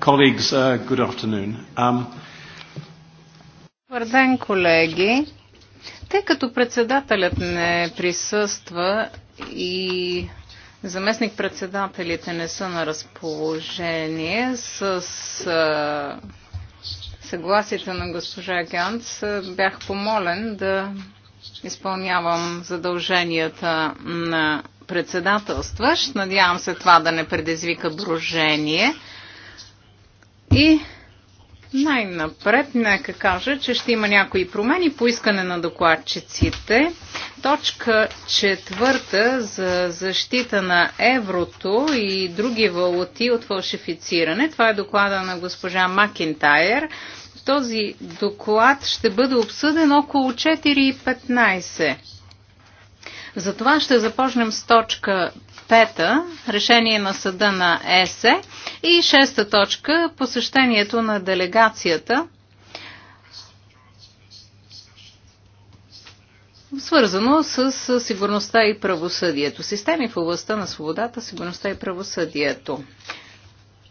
Colleagues, uh, good afternoon. Um... колеги. Тъй като председателят не присъства и заместник-председателите не са на разположение, с съгласите на госпожа Гянц, бях помолен да изпълнявам задълженията на председателстващ. Надявам се това да не предизвика брожение. И най-напред нека кажа, че ще има някои промени по искане на докладчиците. Точка четвърта за защита на еврото и други валути от фалшифициране. Това е доклада на госпожа Макинтайер. Този доклад ще бъде обсъден около 4.15. Затова ще започнем с точка пета решение на съда на ЕСЕ и шеста точка посещението на делегацията свързано с сигурността и правосъдието. Системи в областта на свободата, сигурността и правосъдието.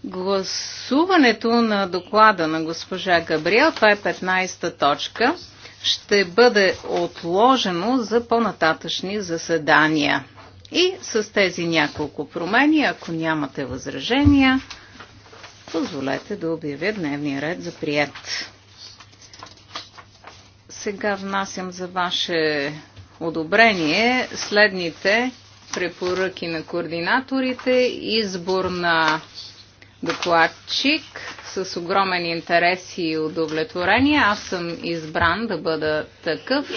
Гласуването на доклада на госпожа Габриел, това е 15-та точка, ще бъде отложено за по-нататъчни заседания. И с тези няколко промени, ако нямате възражения, позволете да обявя дневния ред за прият. Сега внасям за ваше одобрение следните препоръки на координаторите, избор на докладчик, с огромен интерес и удовлетворение. Аз съм избран да бъда такъв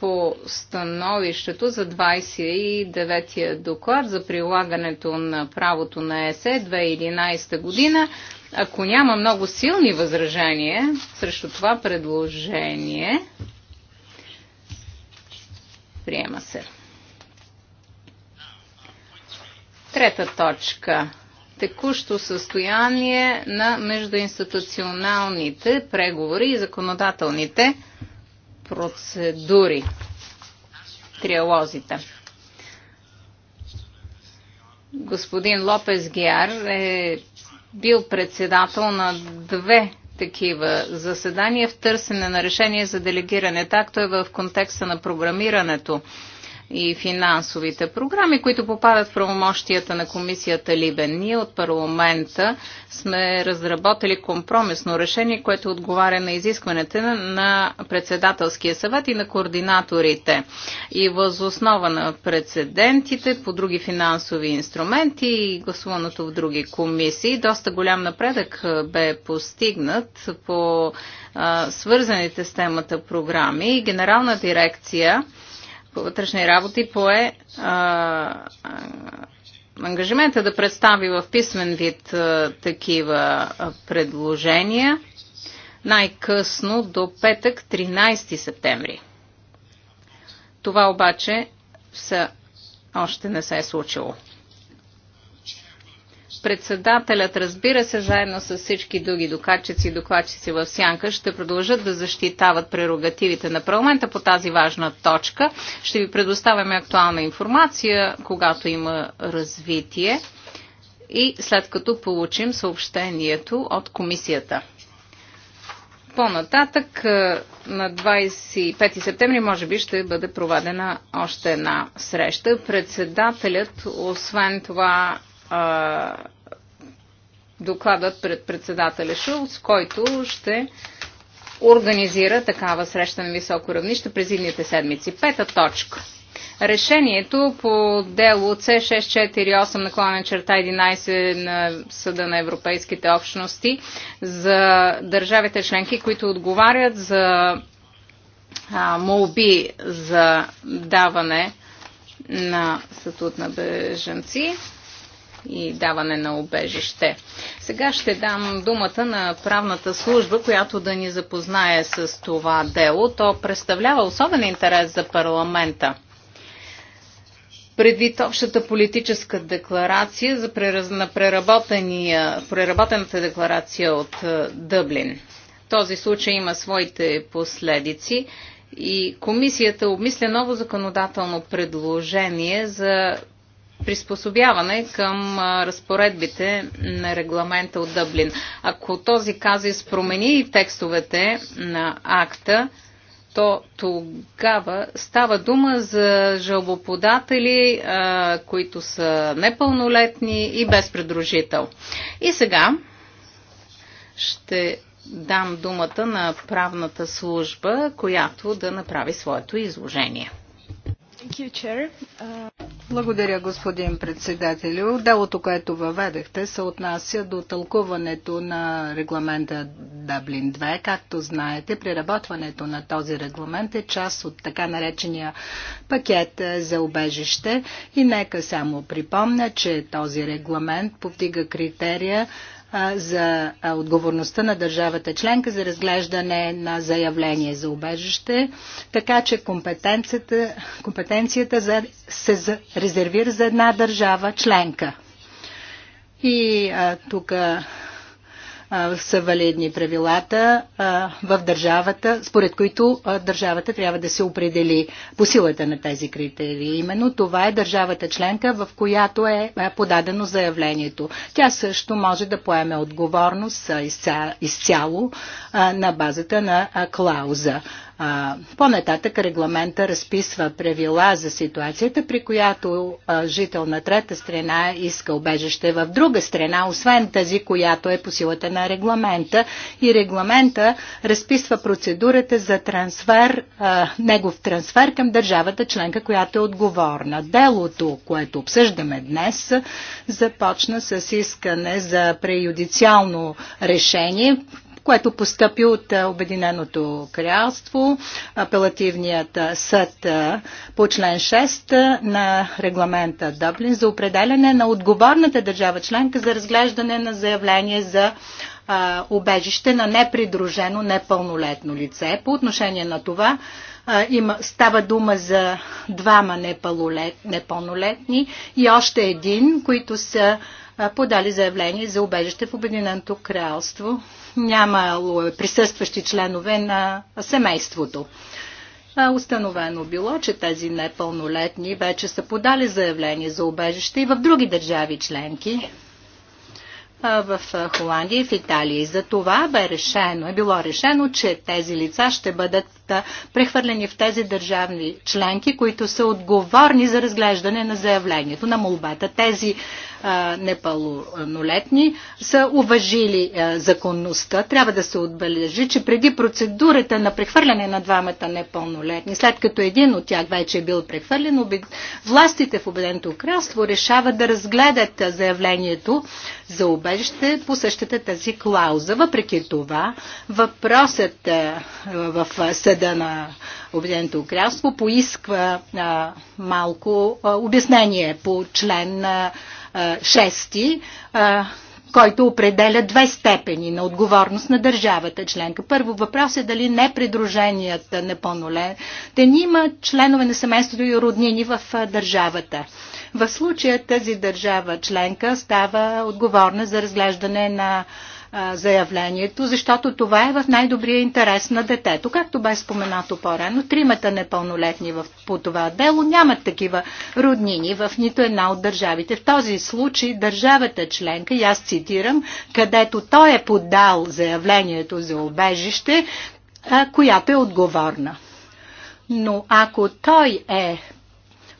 по становището за 29-я доклад за прилагането на правото на ЕСЕ 2011 година. Ако няма много силни възражения срещу това предложение, приема се. Трета точка текущо състояние на междуинституционалните преговори и законодателните процедури, триалозите. Господин Лопес Гиар е бил председател на две такива заседания в търсене на решение за делегиране, такто е в контекста на програмирането и финансовите програми, които попадат в правомощията на комисията Либен. Ние от парламента сме разработили компромисно решение, което отговаря на изискването на председателския съвет и на координаторите. И възоснова на прецедентите по други финансови инструменти и гласуваното в други комисии, доста голям напредък бе постигнат по а, свързаните с темата програми. Генерална дирекция по вътрешни работи пое а, ангажимента да представи в писмен вид а, такива а, предложения най-късно до петък 13 септември. Това обаче все още не се е случило. Председателят, разбира се, заедно с всички други докачици и докладчици в Сянка, ще продължат да защитават прерогативите на парламента по тази важна точка. Ще ви предоставяме актуална информация, когато има развитие и след като получим съобщението от комисията. По-нататък е, на 25 септември може би ще бъде проведена още една среща. Председателят, освен това, а, докладът пред председателя Шулц, който ще организира такава среща на високо равнище през идните седмици. Пета точка. Решението по дело C648 наклонен черта 11 на Съда на Европейските общности за държавите членки, които отговарят за а, молби за даване на статут на беженци и даване на обежище. Сега ще дам думата на правната служба, която да ни запознае с това дело. То представлява особен интерес за парламента. Предвид общата политическа декларация за на преработената декларация от е, Дъблин. Този случай има своите последици и комисията обмисля ново законодателно предложение за приспособяване към разпоредбите на регламента от Дъблин. Ако този казис промени текстовете на акта, то тогава става дума за жалбоподатели, които са непълнолетни и без предружител. И сега ще дам думата на правната служба, която да направи своето изложение. Uh, Благодаря, господин председателю. Делото, което въведехте, се отнася до тълкуването на регламента Даблин 2. Както знаете, преработването на този регламент е част от така наречения пакет за обежище. И нека само припомня, че този регламент повдига критерия за отговорността на държавата членка за разглеждане на заявление за убежище, така че компетенцията, компетенцията за, се резервира за една държава членка. И тук са валидни правилата в държавата, според които държавата трябва да се определи по силата на тези критерии. Именно това е държавата членка, в която е, е подадено заявлението. Тя също може да поеме отговорност изцяло на базата на клауза по-нататък регламента разписва правила за ситуацията, при която жител на трета страна иска обежище в друга страна, освен тази, която е по силата на регламента. И регламента разписва процедурата за трансфер, негов трансфер към държавата членка, която е отговорна. Делото, което обсъждаме днес, започна с искане за преюдициално решение, което постъпи от Обединеното кралство. Апелативният съд по член 6 на регламента Дъблин за определяне на отговорната държава членка за разглеждане на заявление за обежище убежище на непридружено непълнолетно лице. По отношение на това има, става дума за двама непълнолетни и още един, които са подали заявление за убежище в Обединеното кралство. Нямало присъстващи членове на семейството. Установено било, че тези непълнолетни вече са подали заявление за убежище и в други държави членки, в Холандия и в Италия. И за това бе решено, е било решено, че тези лица ще бъдат прехвърлени в тези държавни членки, които са отговорни за разглеждане на заявлението на молбата. Тези непълнолетни са уважили законността. Трябва да се отбележи, че преди процедурата на прехвърляне на двамата непълнолетни, след като един от тях вече е бил прехвърлен, властите в Обеденото кралство решават да разгледат заявлението за убежище по същата тази клауза. Въпреки това, въпросът в съда Съда на Обединеното кралство поисква а, малко а, обяснение по член а, 6, а, който определя две степени на отговорност на държавата членка. Първо въпрос е дали непридруженият ни има членове на семейството и роднини в държавата. В случая тази държава членка става отговорна за разглеждане на заявлението, защото това е в най-добрия интерес на детето. Както бе споменато по-рано, тримата непълнолетни в, по това дело нямат такива роднини в нито една от държавите. В този случай държавата членка, и аз цитирам, където той е подал заявлението за обежище, която е отговорна. Но ако той е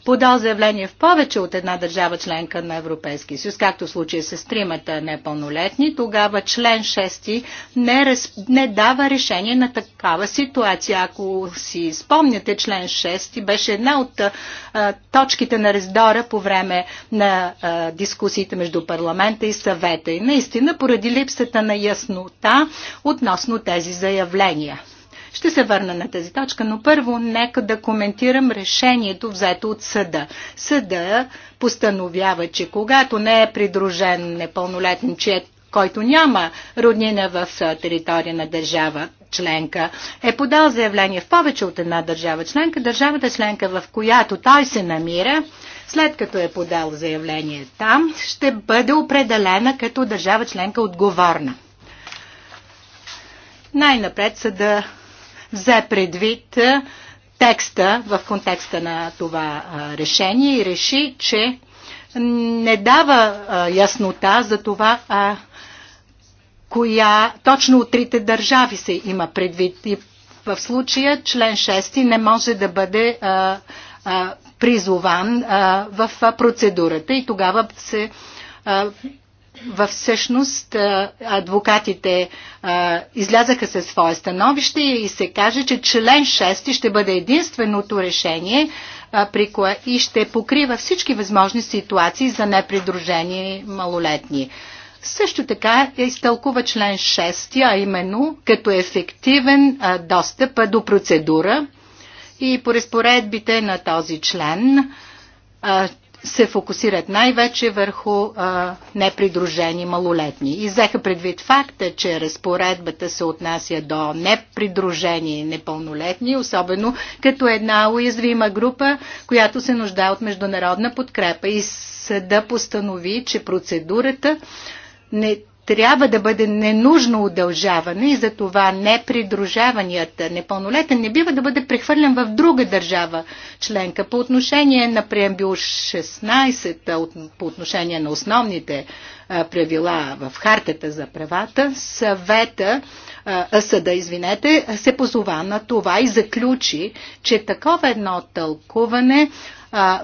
подал заявление в повече от една държава членка на Европейския съюз, както в случая с тримата непълнолетни, тогава член 6 не, раз, не дава решение на такава ситуация. Ако си спомняте, член 6 беше една от а, точките на раздора по време на а, дискусиите между парламента и съвета. И наистина поради липсата на яснота относно тези заявления. Ще се върна на тази точка, но първо нека да коментирам решението взето от съда. Съда постановява, че когато не е придружен непълнолетен, чет, който няма роднина в територия на държава членка, е подал заявление в повече от една държава членка, държавата членка, в която той се намира, след като е подал заявление там, ще бъде определена като държава членка отговорна. Най-напред съда взе предвид текста в контекста на това решение и реши, че не дава яснота за това коя точно от трите държави се има предвид. И в случая член 6 не може да бъде призован в процедурата и тогава се във всъщност адвокатите а, излязаха със свое становище и се каже, че член 6 ще бъде единственото решение а, при кое и ще покрива всички възможни ситуации за непридружени малолетни. Също така изтълкува член 6, а именно като ефективен а, достъп до процедура и по разпоредбите на този член се фокусират най-вече върху а, непридружени малолетни. И взеха предвид факта, че разпоредбата се отнася до непридружени непълнолетни, особено като една уязвима група, която се нуждае от международна подкрепа. И съда постанови, че процедурата не трябва да бъде ненужно удължаване и за това непридружаванията непълнолетен не бива да бъде прехвърлен в друга държава членка. По отношение на преамбил 16, по отношение на основните правила в хартата за правата, съвета, съда, извинете, се позова на това и заключи, че такова едно тълкуване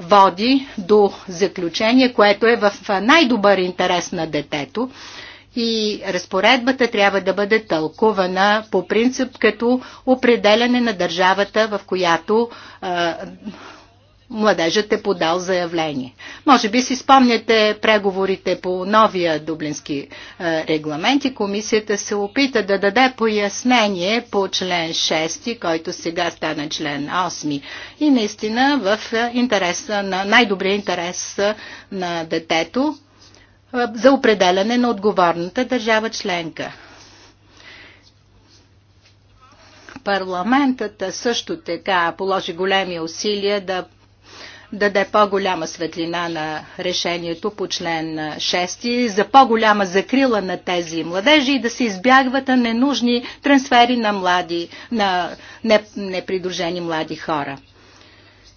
води до заключение, което е в най-добър интерес на детето и разпоредбата трябва да бъде тълкувана по принцип като определяне на държавата, в която младежът е подал заявление. Може би си спомняте преговорите по новия дублински регламент и комисията се опита да даде пояснение по член 6, който сега стана член 8. И наистина в интереса на най-добрия интерес на детето за определяне на отговорната държава членка. Парламентът също така положи големи усилия да даде по-голяма светлина на решението по член 6 за по-голяма закрила на тези младежи и да се избягват ненужни трансфери на, млади, на непридружени млади хора.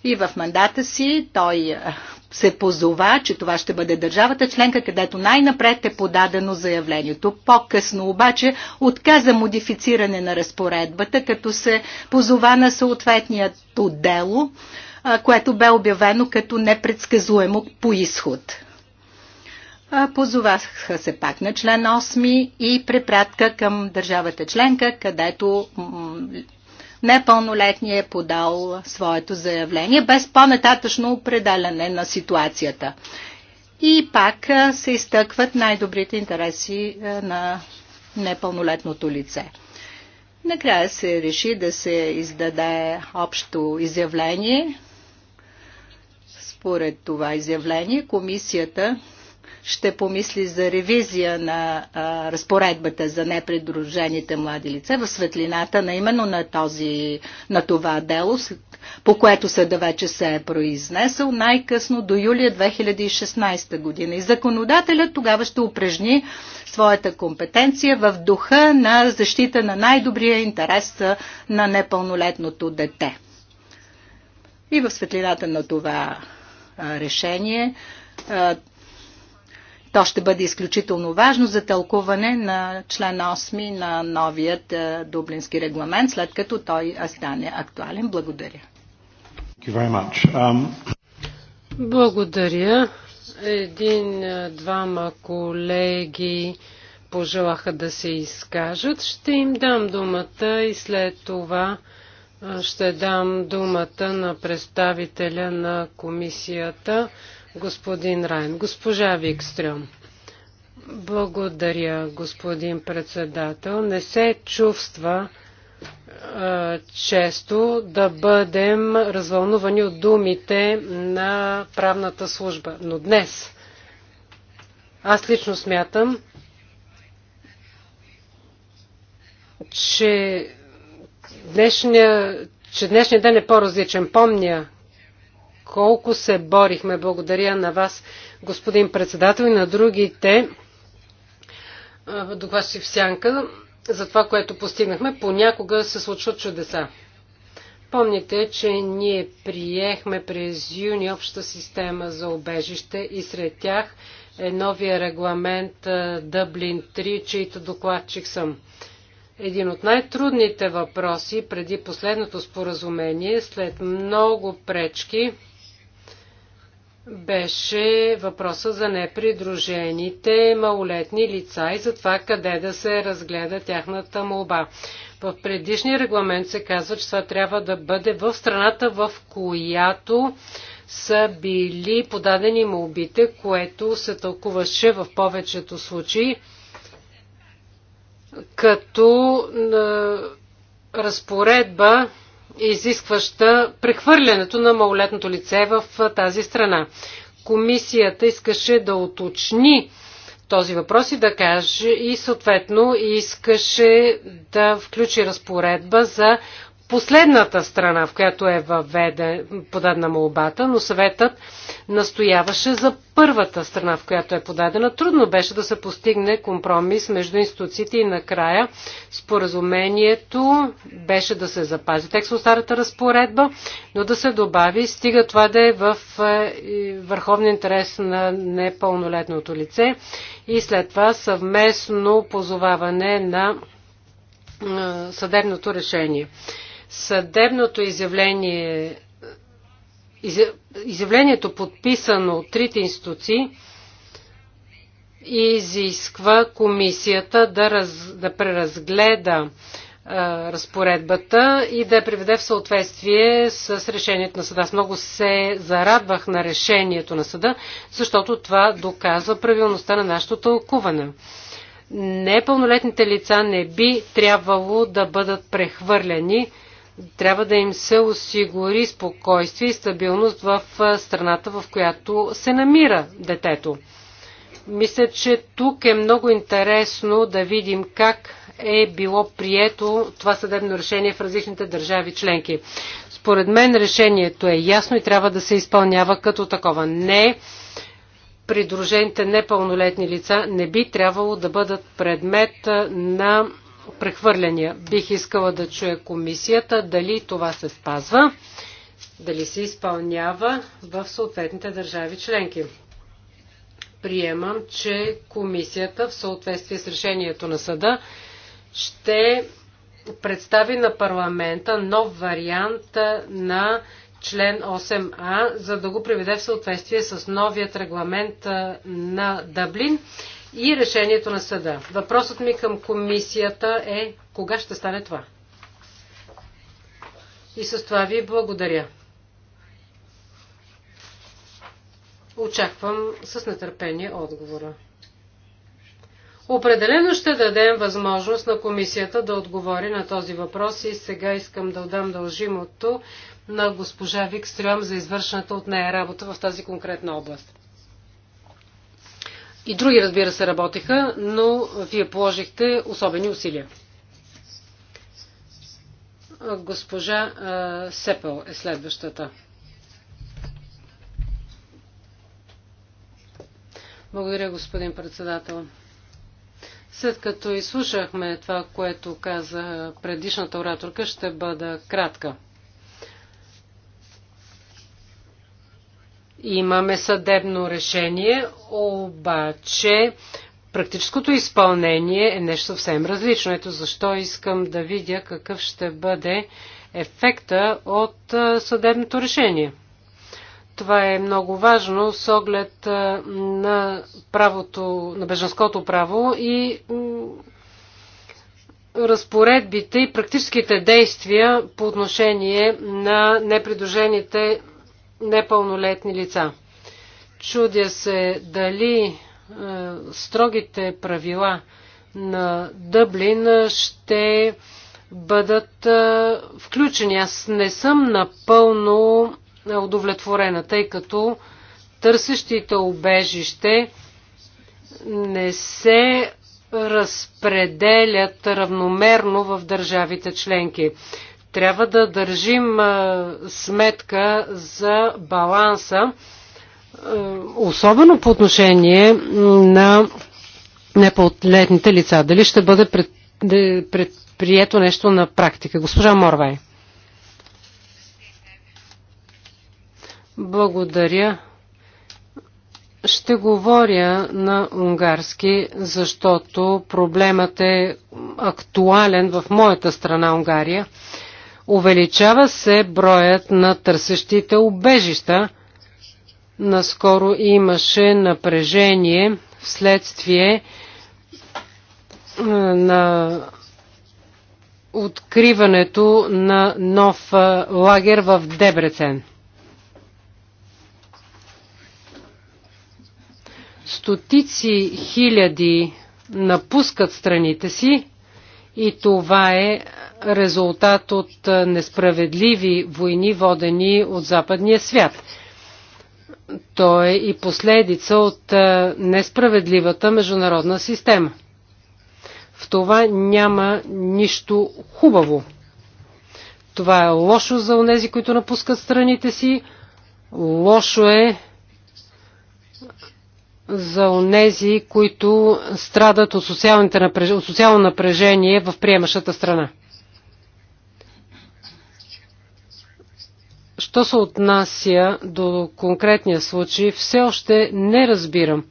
И в мандата си той се позова, че това ще бъде държавата членка, където най-напред е подадено заявлението. По-късно обаче отказа модифициране на разпоредбата, като се позова на съответният дело, което бе обявено като непредсказуемо по изход. Позоваха се пак на член 8 и препратка към държавата членка, където непълнолетния е подал своето заявление без по-нататъчно определяне на ситуацията. И пак се изтъкват най-добрите интереси на непълнолетното лице. Накрая се реши да се издаде общо изявление. Според това изявление комисията ще помисли за ревизия на а, разпоредбата за непредружените млади лица в светлината на именно на, този, на това дело, по което съда вече се е произнесъл най-късно до юлия 2016 година. И законодателят тогава ще упражни своята компетенция в духа на защита на най-добрия интерес на непълнолетното дете. И в светлината на това решение то ще бъде изключително важно за тълкуване на член 8 на новият е, Дублински регламент, след като той стане актуален. Благодаря. Um, Благодаря. Един-двама е, колеги пожелаха да се изкажат. Ще им дам думата и след това е, ще дам думата на представителя на комисията господин Райн. Госпожа Викстрюм. Благодаря, господин председател. Не се чувства често да бъдем развълнувани от думите на правната служба. Но днес аз лично смятам, че днешния, че днешния ден е по-различен. Помня колко се борихме. Благодаря на вас, господин председател, и на другите докладчи в сянка за това, което постигнахме. Понякога се случват чудеса. Помните, че ние приехме през юни обща система за обежище и сред тях е новия регламент Дъблин 3, чийто докладчик съм. Един от най-трудните въпроси преди последното споразумение, след много пречки, беше въпроса за непридружените малолетни лица и за това къде да се разгледа тяхната молба. В предишния регламент се казва, че това трябва да бъде в страната, в която са били подадени молбите, което се тълкуваше в повечето случаи като разпоредба изискваща прехвърлянето на малолетното лице в тази страна. Комисията искаше да уточни този въпрос и да каже и съответно искаше да включи разпоредба за последната страна, в която е въведен, подадена молбата, но съветът настояваше за първата страна, в която е подадена. Трудно беше да се постигне компромис между институциите и накрая споразумението беше да се запази текст от старата разпоредба, но да се добави, стига това да е в е, върховен интерес на непълнолетното лице и след това съвместно позоваване на е, съдебното решение. Съдебното изявление, изявлението подписано от трите институции, изисква комисията да, раз, да преразгледа а, разпоредбата и да я приведе в съответствие с решението на съда. Аз много се зарадвах на решението на съда, защото това доказва правилността на нашето тълкуване. Непълнолетните лица не би трябвало да бъдат прехвърляни трябва да им се осигури спокойствие и стабилност в страната, в която се намира детето. Мисля, че тук е много интересно да видим как е било прието това съдебно решение в различните държави членки. Според мен решението е ясно и трябва да се изпълнява като такова. Не придружените непълнолетни лица не би трябвало да бъдат предмет на прехвърляния. Бих искала да чуя комисията дали това се спазва, дали се изпълнява в съответните държави членки. Приемам, че комисията в съответствие с решението на съда ще представи на парламента нов вариант на член 8а, за да го приведе в съответствие с новият регламент на Дъблин и решението на съда. Въпросът ми към комисията е кога ще стане това? И с това ви благодаря. Очаквам с нетърпение отговора. Определено ще дадем възможност на комисията да отговори на този въпрос и сега искам да отдам дължимото на госпожа Викстрюм за извършената от нея работа в тази конкретна област. И други, разбира се, работеха, но вие положихте особени усилия. Госпожа Сепел е следващата. Благодаря, господин председател. След като изслушахме това, което каза предишната ораторка, ще бъда кратка. Имаме съдебно решение, обаче практическото изпълнение е нещо съвсем различно. Ето защо искам да видя какъв ще бъде ефекта от съдебното решение. Това е много важно с оглед на правото, на беженското право и разпоредбите и практическите действия по отношение на непридружените непълнолетни лица. Чудя се дали е, строгите правила на Дъблин ще бъдат е, включени. Аз не съм напълно е, удовлетворена, тъй като търсещите обежище не се разпределят равномерно в държавите членки. Трябва да държим сметка за баланса, особено по отношение на непълнолетните лица. Дали ще бъде предприето нещо на практика? Госпожа Морвай. Благодаря. Ще говоря на унгарски, защото проблемът е актуален в моята страна Унгария Увеличава се броят на търсещите убежища. Наскоро имаше напрежение вследствие е, на откриването на нов е, лагер в Дебрецен. Стотици хиляди напускат страните си и това е резултат от несправедливи войни, водени от западния свят. То е и последица от несправедливата международна система. В това няма нищо хубаво. Това е лошо за онези, които напускат страните си, лошо е за онези, които страдат от, от социално напрежение в приемащата страна. Що се отнася до конкретния случай, все още не разбирам.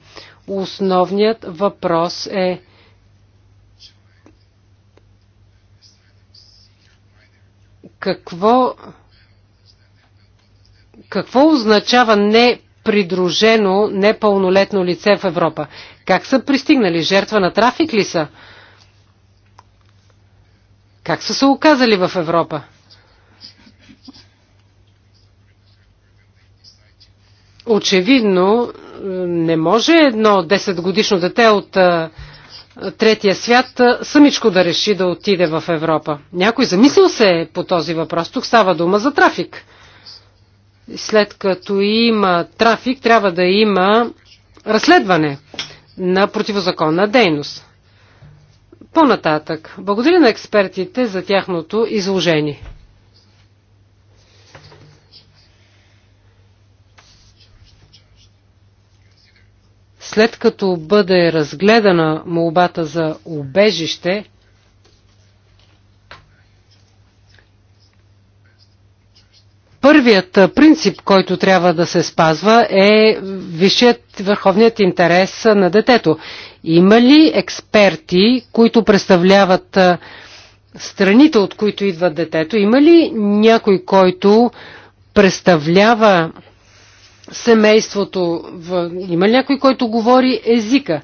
Основният въпрос е какво какво означава не придружено непълнолетно лице в Европа. Как са пристигнали? Жертва на трафик ли са? Как са се оказали в Европа? Очевидно, е, не може едно 10 годишно дете от е, третия свят е, самичко да реши да отиде в Европа. Някой замислил се по този въпрос. Тук става дума за трафик след като има трафик, трябва да има разследване на противозаконна дейност. По-нататък, благодаря на експертите за тяхното изложение. След като бъде разгледана молбата за убежище, Първият принцип, който трябва да се спазва е висшият върховният интерес на детето. Има ли експерти, които представляват страните, от които идва детето? Има ли някой, който представлява семейството? В... Има ли някой, който говори езика?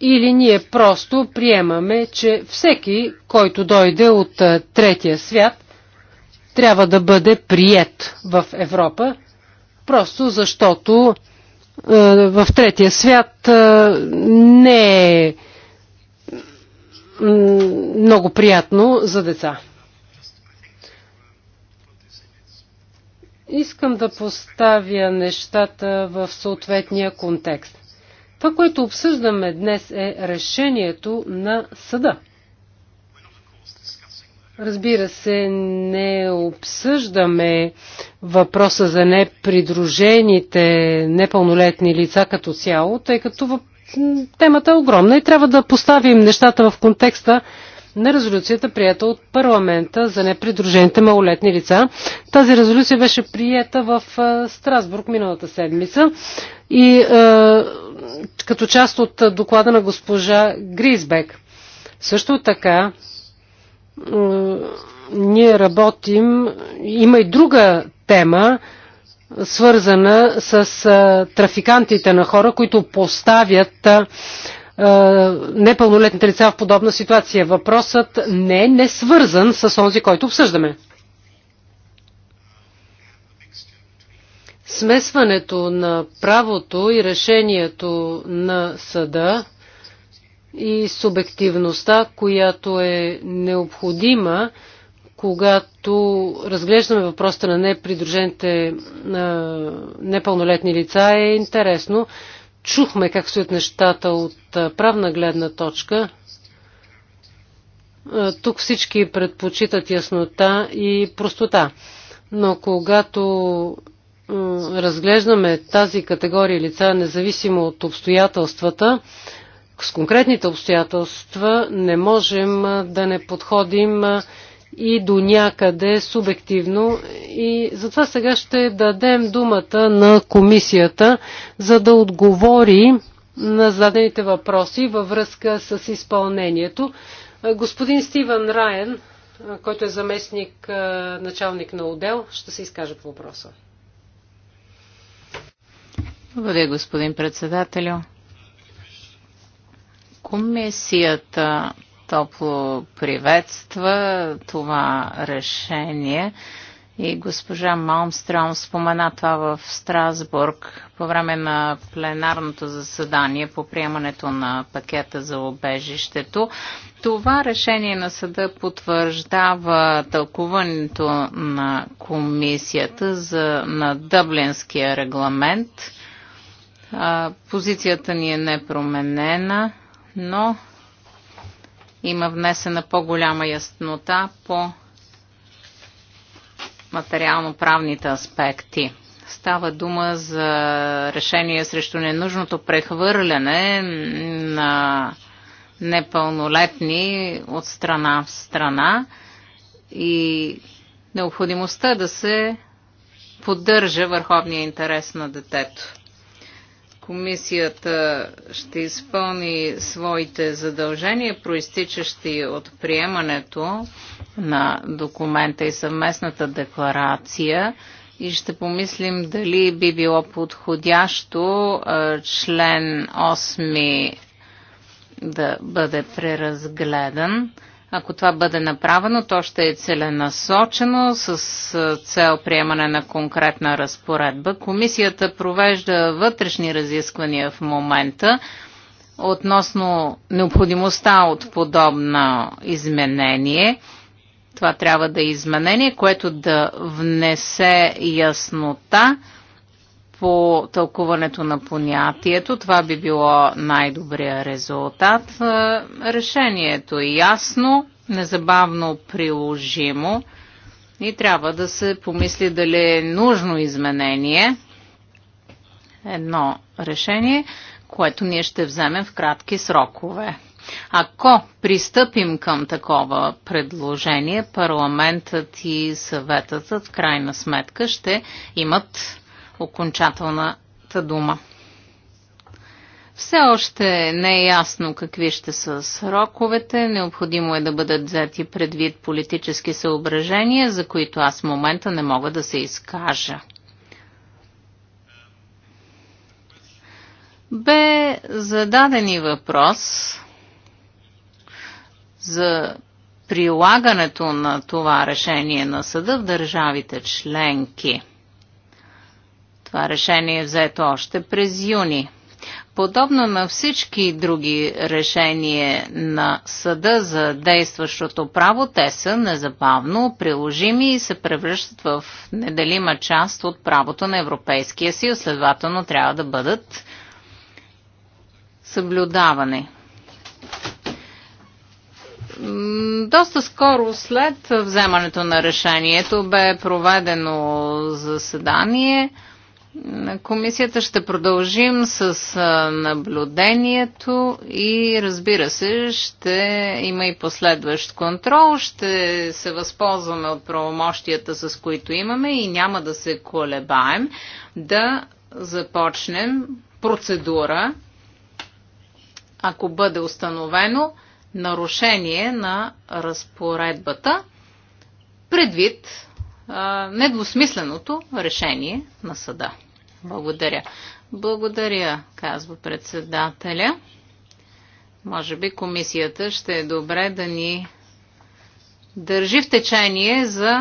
Или ние просто приемаме, че всеки, който дойде от третия свят, трябва да бъде прият в Европа, просто защото е, в третия свят е, не е много приятно за деца. Искам да поставя нещата в съответния контекст. Това, което обсъждаме днес е решението на съда. Разбира се, не обсъждаме въпроса за непридружените непълнолетни лица като цяло, тъй като темата е огромна и трябва да поставим нещата в контекста на резолюцията, прията от парламента за непридружените малолетни лица. Тази резолюция беше приета в Страсбург миналата седмица и е, като част от доклада на госпожа Гризбек. Също така ние работим. Има и друга тема, свързана с трафикантите на хора, които поставят непълнолетните лица в подобна ситуация. Въпросът не е не свързан с онзи, който обсъждаме. Смесването на правото и решението на съда – и субективността, която е необходима, когато разглеждаме въпроса на непридружените непълнолетни лица, е интересно. Чухме как стоят нещата от правна гледна точка. Тук всички предпочитат яснота и простота. Но когато разглеждаме тази категория лица, независимо от обстоятелствата, с конкретните обстоятелства не можем да не подходим и до някъде субективно. И затова сега ще дадем думата на комисията, за да отговори на зададените въпроси във връзка с изпълнението. Господин Стивън Райен, който е заместник началник на отдел, ще се изкаже по въпроса. Благодаря, господин председателю. Комисията топло приветства това решение и госпожа Малмстром спомена това в Страсбург по време на пленарното заседание по приемането на пакета за обежището. Това решение на съда потвърждава тълкуването на комисията за, на Дъблинския регламент. Позицията ни е непроменена но има внесена по-голяма яснота по материално-правните аспекти. Става дума за решение срещу ненужното прехвърляне на непълнолетни от страна в страна и необходимостта да се поддържа върховния интерес на детето. Комисията ще изпълни своите задължения, проистичащи от приемането на документа и съвместната декларация и ще помислим дали би било подходящо член 8 да бъде преразгледан. Ако това бъде направено, то ще е целенасочено с цел приемане на конкретна разпоредба. Комисията провежда вътрешни разисквания в момента относно необходимостта от подобно изменение. Това трябва да е изменение, което да внесе яснота по тълкуването на понятието. Това би било най-добрия резултат. Е, решението е ясно, незабавно приложимо и трябва да се помисли дали е нужно изменение. Едно решение, което ние ще вземем в кратки срокове. Ако пристъпим към такова предложение, парламентът и съветът в крайна сметка ще имат окончателната дума. Все още не е ясно какви ще са сроковете. Необходимо е да бъдат взети предвид политически съображения, за които аз в момента не мога да се изкажа. Бе зададен и въпрос за прилагането на това решение на съда в държавите членки – това решение е взето още през юни. Подобно на всички други решения на съда за действащото право, те са незабавно приложими и се превръщат в неделима част от правото на Европейския съюз. Следователно трябва да бъдат съблюдавани. Доста скоро след вземането на решението бе проведено заседание – комисията ще продължим с наблюдението и разбира се, ще има и последващ контрол. Ще се възползваме от правомощията, с които имаме и няма да се колебаем да започнем процедура, ако бъде установено нарушение на разпоредбата предвид недвусмисленото решение на съда. Благодаря. Благодаря, казва председателя. Може би комисията ще е добре да ни държи в течение за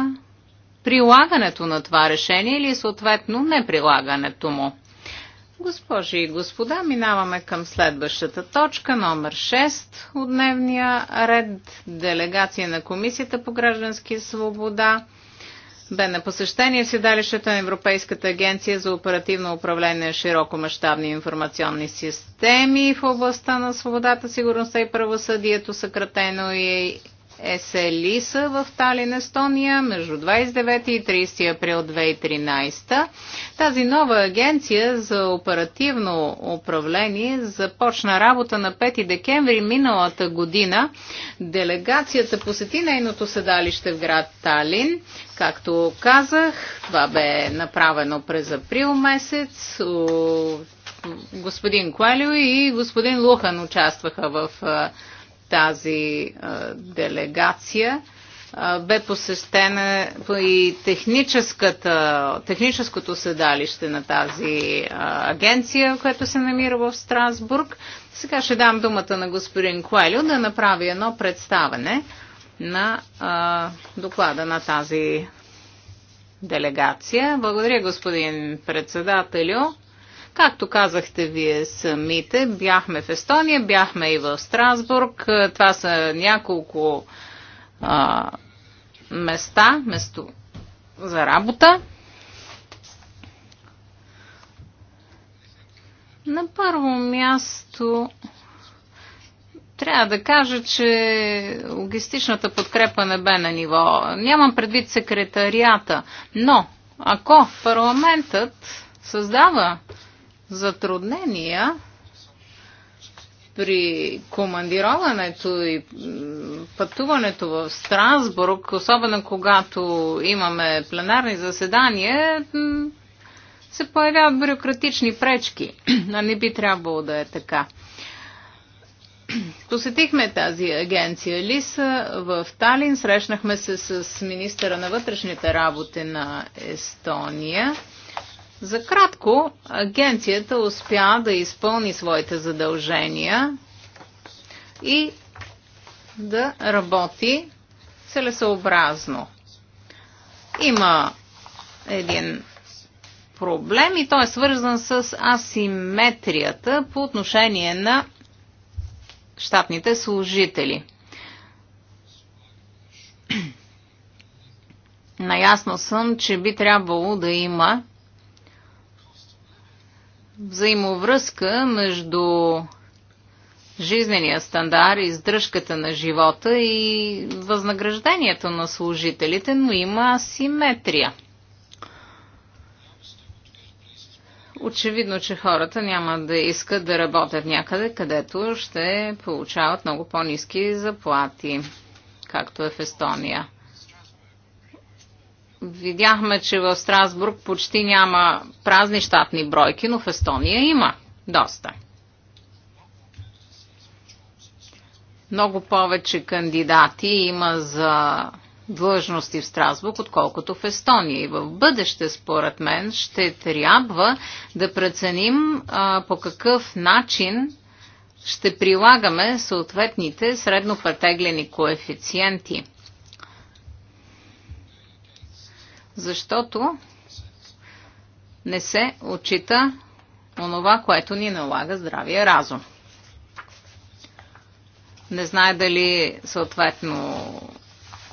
прилагането на това решение или съответно неприлагането му. Госпожи и господа, минаваме към следващата точка, номер 6 от дневния ред, делегация на Комисията по граждански свобода бе на посещение седалището на Европейската агенция за оперативно управление на широкомащабни информационни системи в областта на свободата, сигурността и правосъдието, съкратено и Еселиса в Талин, Естония, между 29 и 30 април 2013. Тази нова агенция за оперативно управление започна работа на 5 декември миналата година. Делегацията посети нейното седалище в град Талин. Както казах, това бе направено през април месец господин Куалио и господин Лухан участваха в тази делегация бе посещена и техническото седалище на тази агенция, която се намира в Страсбург. Сега ще дам думата на господин Куелю да направи едно представене на а, доклада на тази делегация. Благодаря, господин председателю. Както казахте вие самите, бяхме в Естония, бяхме и в Страсбург. Това са няколко а, места, место за работа. На първо място трябва да кажа, че логистичната подкрепа не бе на ниво. Нямам предвид секретарията, но ако парламентът създава затруднения при командироването и пътуването в Страсбург, особено когато имаме пленарни заседания, се появяват бюрократични пречки, а не би трябвало да е така. Посетихме тази агенция Лиса в Талин, срещнахме се с министъра на вътрешните работи на Естония за кратко, агенцията успя да изпълни своите задължения и да работи целесообразно. Има един проблем и той е свързан с асиметрията по отношение на щатните служители. Наясно съм, че би трябвало да има взаимовръзка между жизнения стандарт, издръжката на живота и възнаграждението на служителите, но има асиметрия. Очевидно, че хората няма да искат да работят някъде, където ще получават много по-низки заплати, както е в Естония. Видяхме, че в Страсбург почти няма празни щатни бройки, но в Естония има доста. Много повече кандидати има за длъжности в Страсбург, отколкото в Естония. И в бъдеще, според мен, ще трябва да преценим а, по какъв начин ще прилагаме съответните среднопретеглени коефициенти. защото не се отчита онова, което ни налага здравия разум. Не знае дали съответно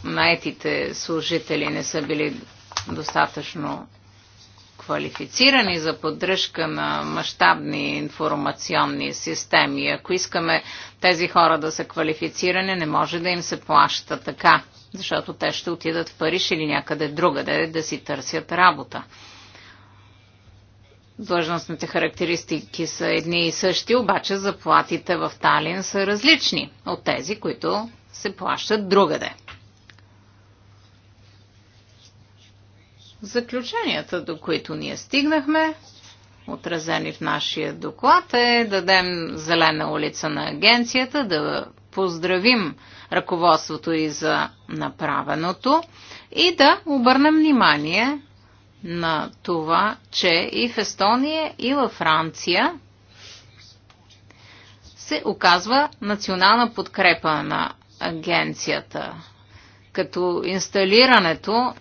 наетите служители не са били достатъчно квалифицирани за поддръжка на мащабни информационни системи. Ако искаме тези хора да са квалифицирани, не може да им се плаща така защото те ще отидат в Париж или някъде другаде да си търсят работа. Длъжностните характеристики са едни и същи, обаче заплатите в Талин са различни от тези, които се плащат другаде. Заключенията, до които ние стигнахме, отразени в нашия доклад, е дадем зелена улица на агенцията да поздравим ръководството и за направеното и да обърнем внимание на това, че и в Естония, и във Франция се оказва национална подкрепа на агенцията, като инсталирането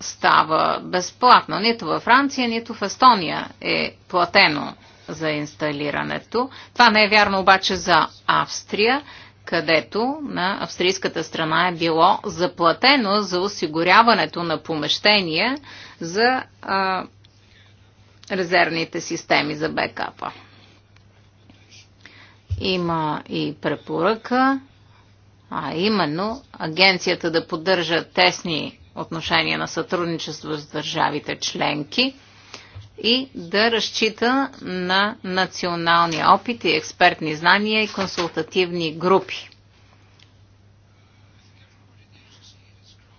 става безплатно. Нито във Франция, нито в Естония е платено за инсталирането. Това не е вярно обаче за Австрия, където на австрийската страна е било заплатено за осигуряването на помещения за а, резервните системи за бекапа. Има и препоръка, а именно агенцията да поддържа тесни отношения на сътрудничество с държавите членки – и да разчита на национални опити, експертни знания и консултативни групи.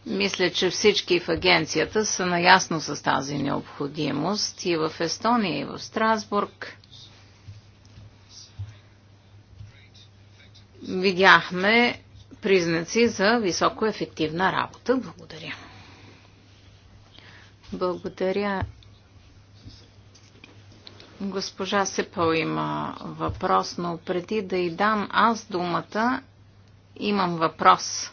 Мисля, че всички в агенцията са наясно с тази необходимост и в Естония, и в Страсбург. Видяхме признаци за високо ефективна работа. Благодаря. Благодаря Госпожа Сепъл има въпрос, но преди да й дам аз думата, имам въпрос.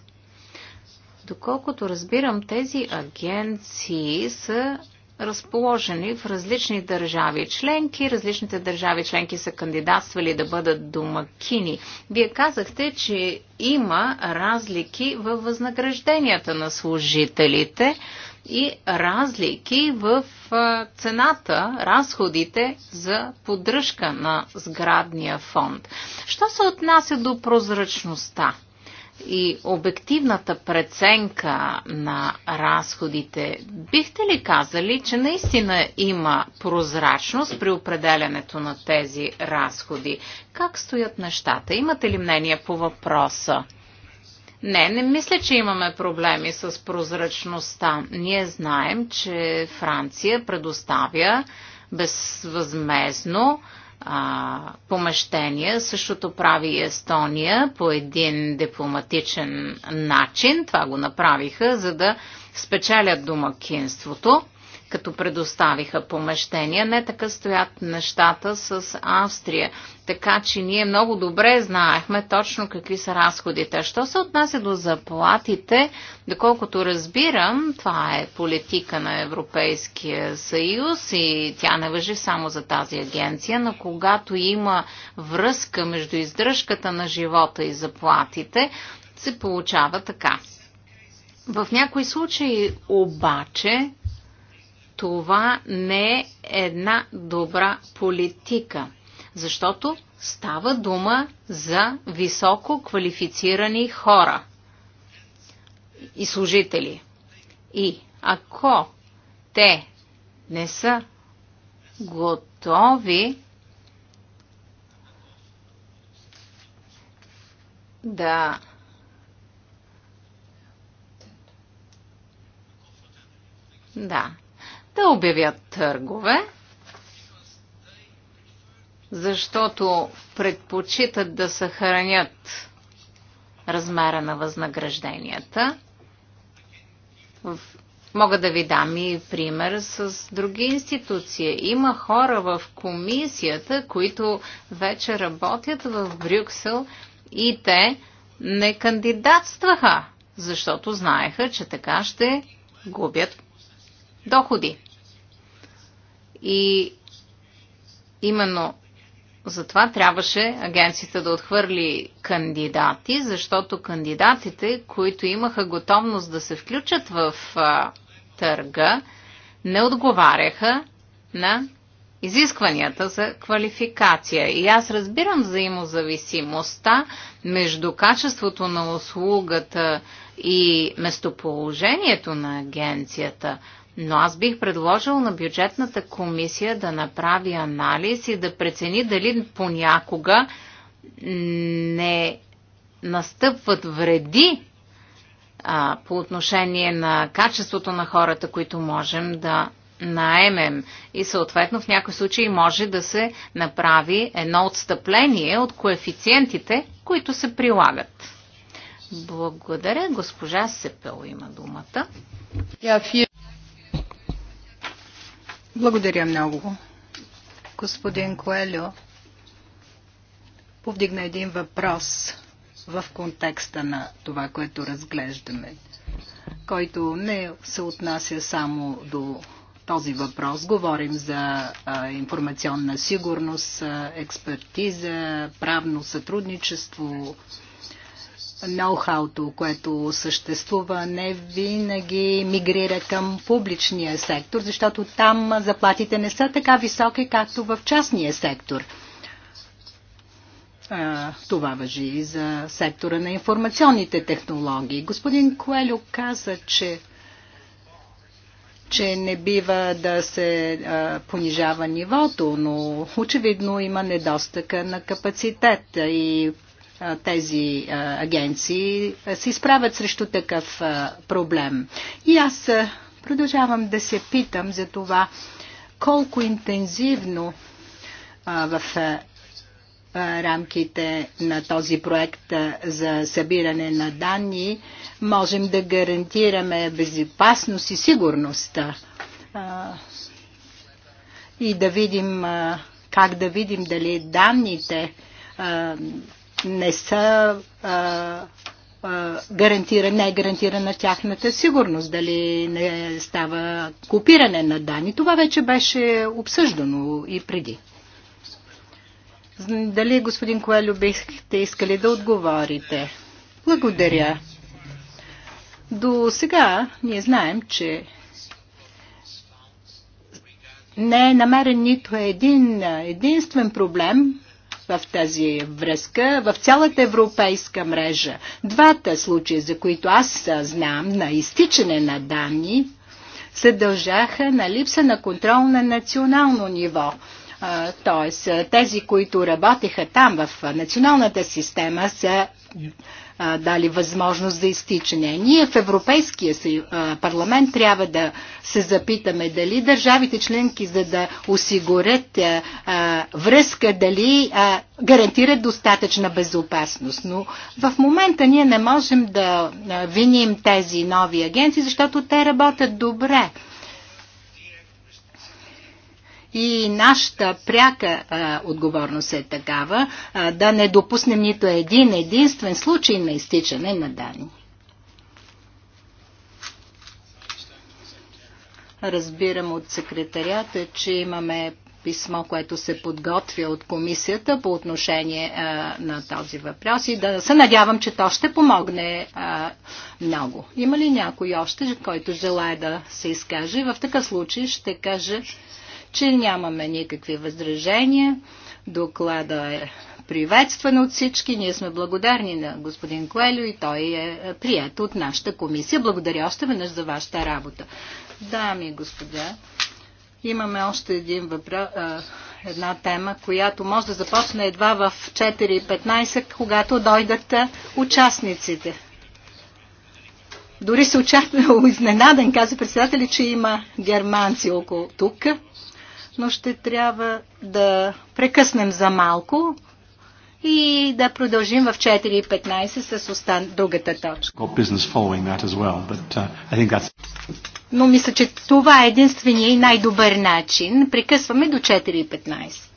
Доколкото разбирам, тези агенции са разположени в различни държави членки. Различните държави членки са кандидатствали да бъдат домакини. Вие казахте, че има разлики във възнагражденията на служителите и разлики в цената, разходите за поддръжка на сградния фонд. Що се отнася до прозрачността? и обективната преценка на разходите, бихте ли казали, че наистина има прозрачност при определянето на тези разходи? Как стоят нещата? Имате ли мнение по въпроса? Не, не мисля, че имаме проблеми с прозрачността. Ние знаем, че Франция предоставя безвъзмезно а, помещения. Същото прави и Естония по един дипломатичен начин. Това го направиха, за да спечелят домакинството като предоставиха помещения. Не така стоят нещата с Австрия. Така че ние много добре знаехме точно какви са разходите. Що се отнася до заплатите, доколкото разбирам, това е политика на Европейския съюз и тя не въжи само за тази агенция, но когато има връзка между издръжката на живота и заплатите, се получава така. В някои случаи обаче това не е една добра политика, защото става дума за високо квалифицирани хора и служители. И ако те не са готови да да да обявят търгове, защото предпочитат да съхранят размера на възнагражденията. Мога да ви дам и пример с други институции. Има хора в комисията, които вече работят в Брюксел и те не кандидатстваха, защото знаеха, че така ще губят доходи. И именно затова трябваше агенцията да отхвърли кандидати, защото кандидатите, които имаха готовност да се включат в а, търга, не отговаряха на изискванията за квалификация. И аз разбирам взаимозависимостта между качеството на услугата и местоположението на агенцията – но аз бих предложил на бюджетната комисия да направи анализ и да прецени дали понякога не настъпват вреди а, по отношение на качеството на хората, които можем да наемем. И съответно в някои случаи може да се направи едно отстъпление от коефициентите, които се прилагат. Благодаря. Госпожа Сепел има думата. Благодаря много. Господин Коелю повдигна един въпрос в контекста на това, което разглеждаме, който не се отнася само до този въпрос. Говорим за а, информационна сигурност, експертиза, правно сътрудничество, ноу-хауто, което съществува, не винаги мигрира към публичния сектор, защото там заплатите не са така високи, както в частния сектор. Това въжи и за сектора на информационните технологии. Господин Коелю каза, че че не бива да се а, понижава нивото, но очевидно има недостъка на капацитет и тези агенции се изправят срещу такъв проблем. И аз продължавам да се питам за това колко интензивно в рамките на този проект за събиране на данни можем да гарантираме безопасност и сигурност и да видим как да видим дали данните не са а, а, гарантира, не е гарантирана тяхната сигурност, дали не става копиране на данни. Това вече беше обсъждано и преди. Дали, господин Коелю, бихте искали да отговорите? Благодаря. До сега ние знаем, че не е намерен нито един единствен проблем, в тази връзка в цялата европейска мрежа. Двата случая, за които аз знам на изтичане на данни, се дължаха на липса на контрол на национално ниво. Тоест, тези, които работеха там в националната система, са дали възможност за изтичане. Ние в Европейския парламент трябва да се запитаме дали държавите членки, за да осигурят връзка, дали гарантират достатъчна безопасност. Но в момента ние не можем да виним тези нови агенции, защото те работят добре. И нашата пряка а, отговорност е такава а, да не допуснем нито един единствен случай на изтичане на данни. Разбирам от секретарията, че имаме писмо, което се подготвя от комисията по отношение а, на този въпрос и да се надявам, че то ще помогне а, много. Има ли някой още, който желая да се изкаже? В такъв случай ще каже че нямаме никакви възражения. Доклада е приветстван от всички. Ние сме благодарни на господин Коелю и той е прият от нашата комисия. Благодаря още веднъж за вашата работа. Дами и господа, имаме още един въпрос, една тема, която може да започне едва в 4.15, когато дойдат участниците. Дори се очаква изненадан, каза председателя, че има германци около тук но ще трябва да прекъснем за малко и да продължим в 4.15 с остан... другата точка. Uh, но мисля, че това е единствения и най-добър начин. Прекъсваме до 4.15.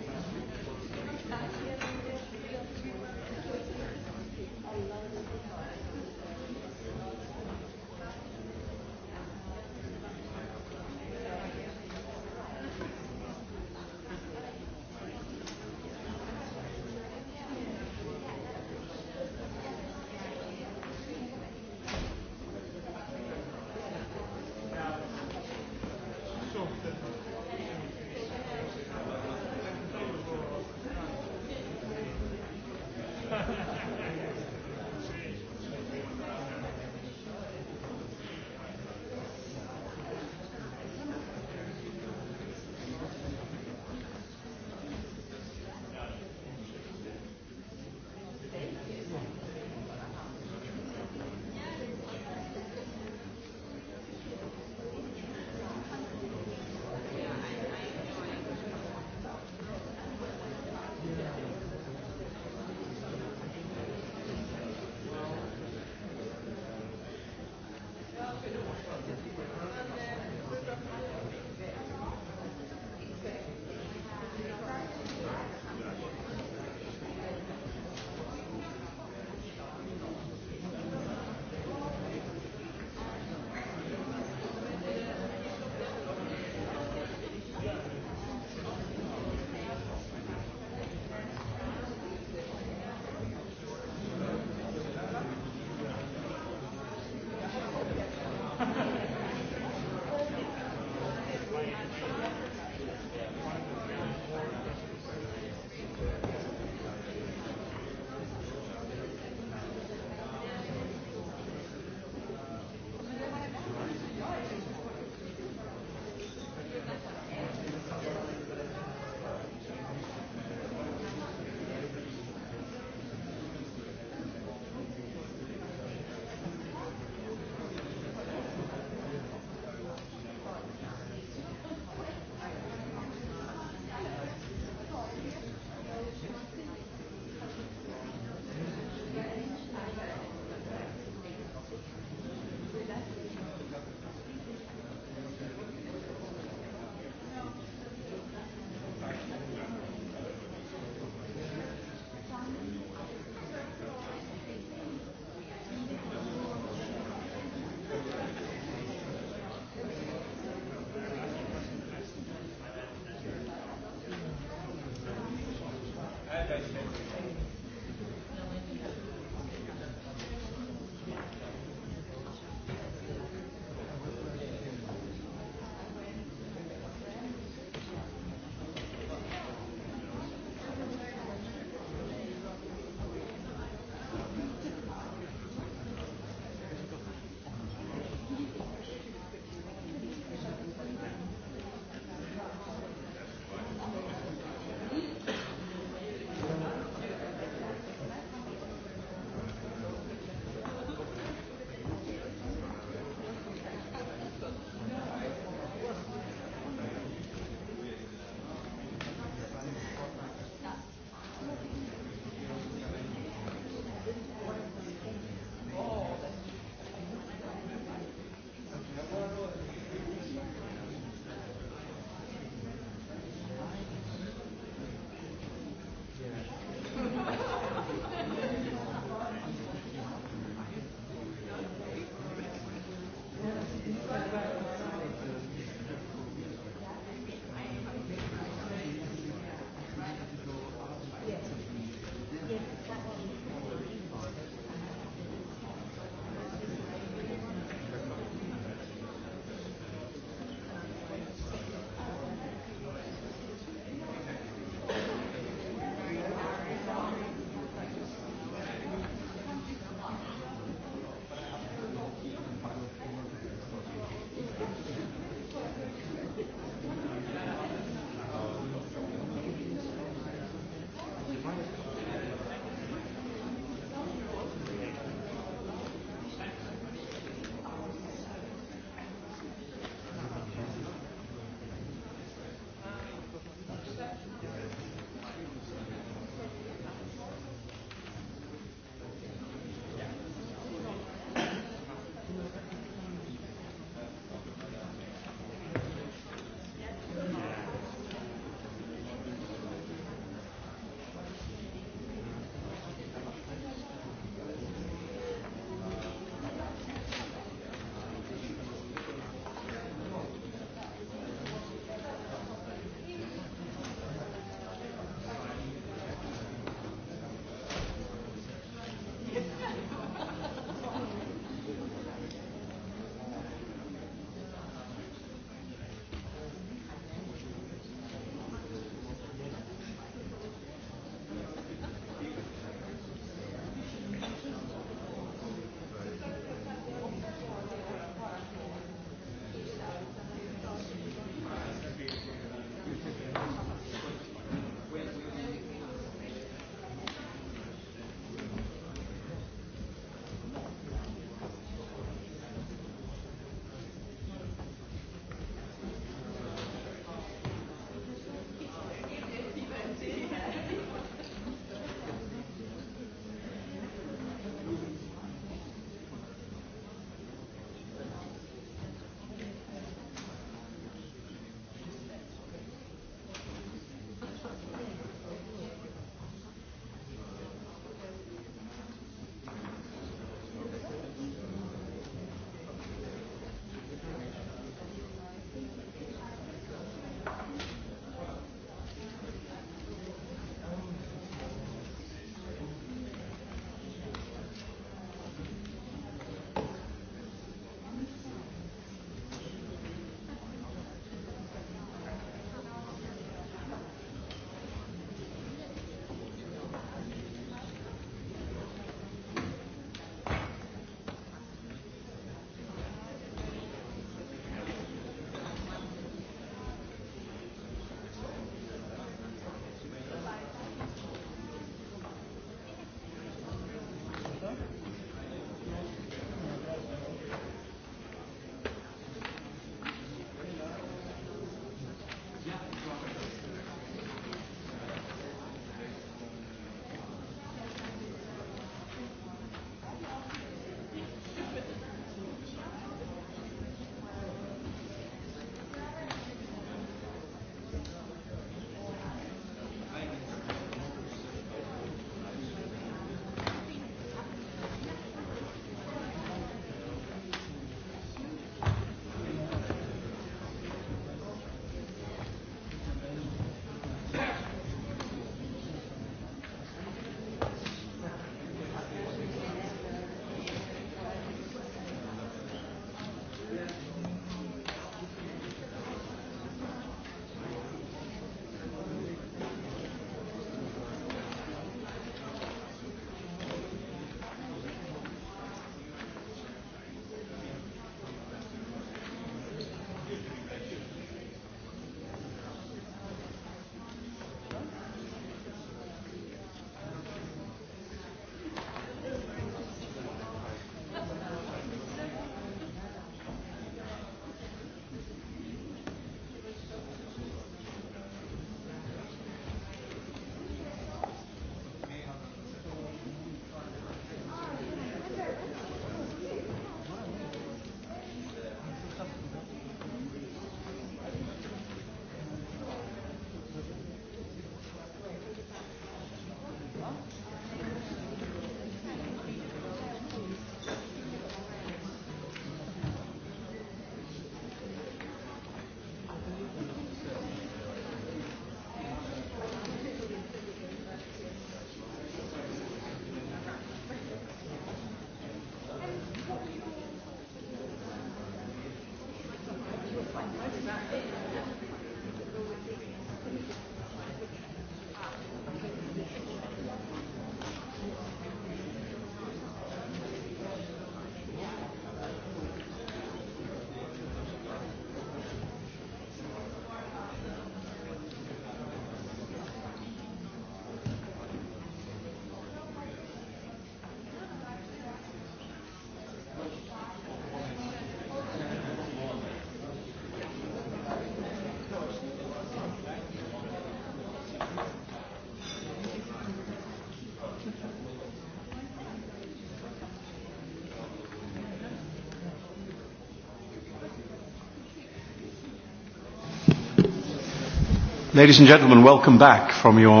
Ladies and gentlemen, welcome back from your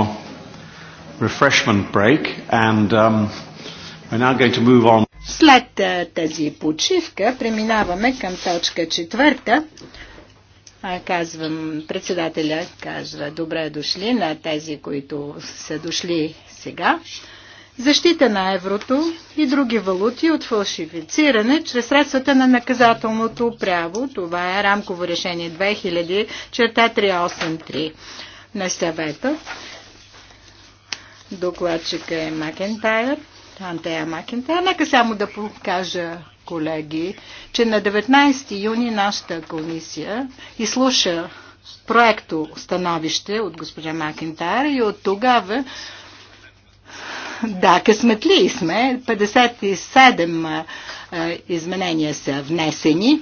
refreshment break and um, we're now going to move on. След тази почивка преминаваме към точка четвърта. Казвам, председателя казва, добре дошли на тези, които са дошли сега защита на еврото и други валути от фалшифициране чрез средствата на наказателното право. Това е рамково решение 2000 черта 383 на съвета. Докладчика е Макентайр, Антея Макентайр. Нека само да покажа колеги, че на 19 юни нашата комисия изслуша проекто становище от госпожа Макентайр и от тогава да, късметли сме. 57 изменения са внесени.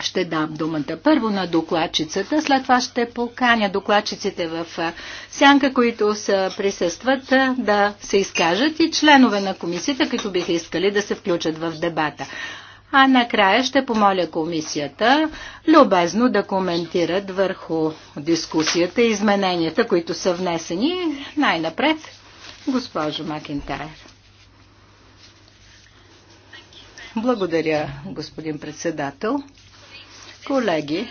Ще дам думата първо на докладчицата, след това ще поканя докладчиците в сянка, които са присъстват да се изкажат и членове на комисията, които биха искали да се включат в дебата. А накрая ще помоля комисията любезно да коментират върху дискусията и измененията, които са внесени. Най-напред Госпожо Макентайр. Благодаря, господин председател. Колеги,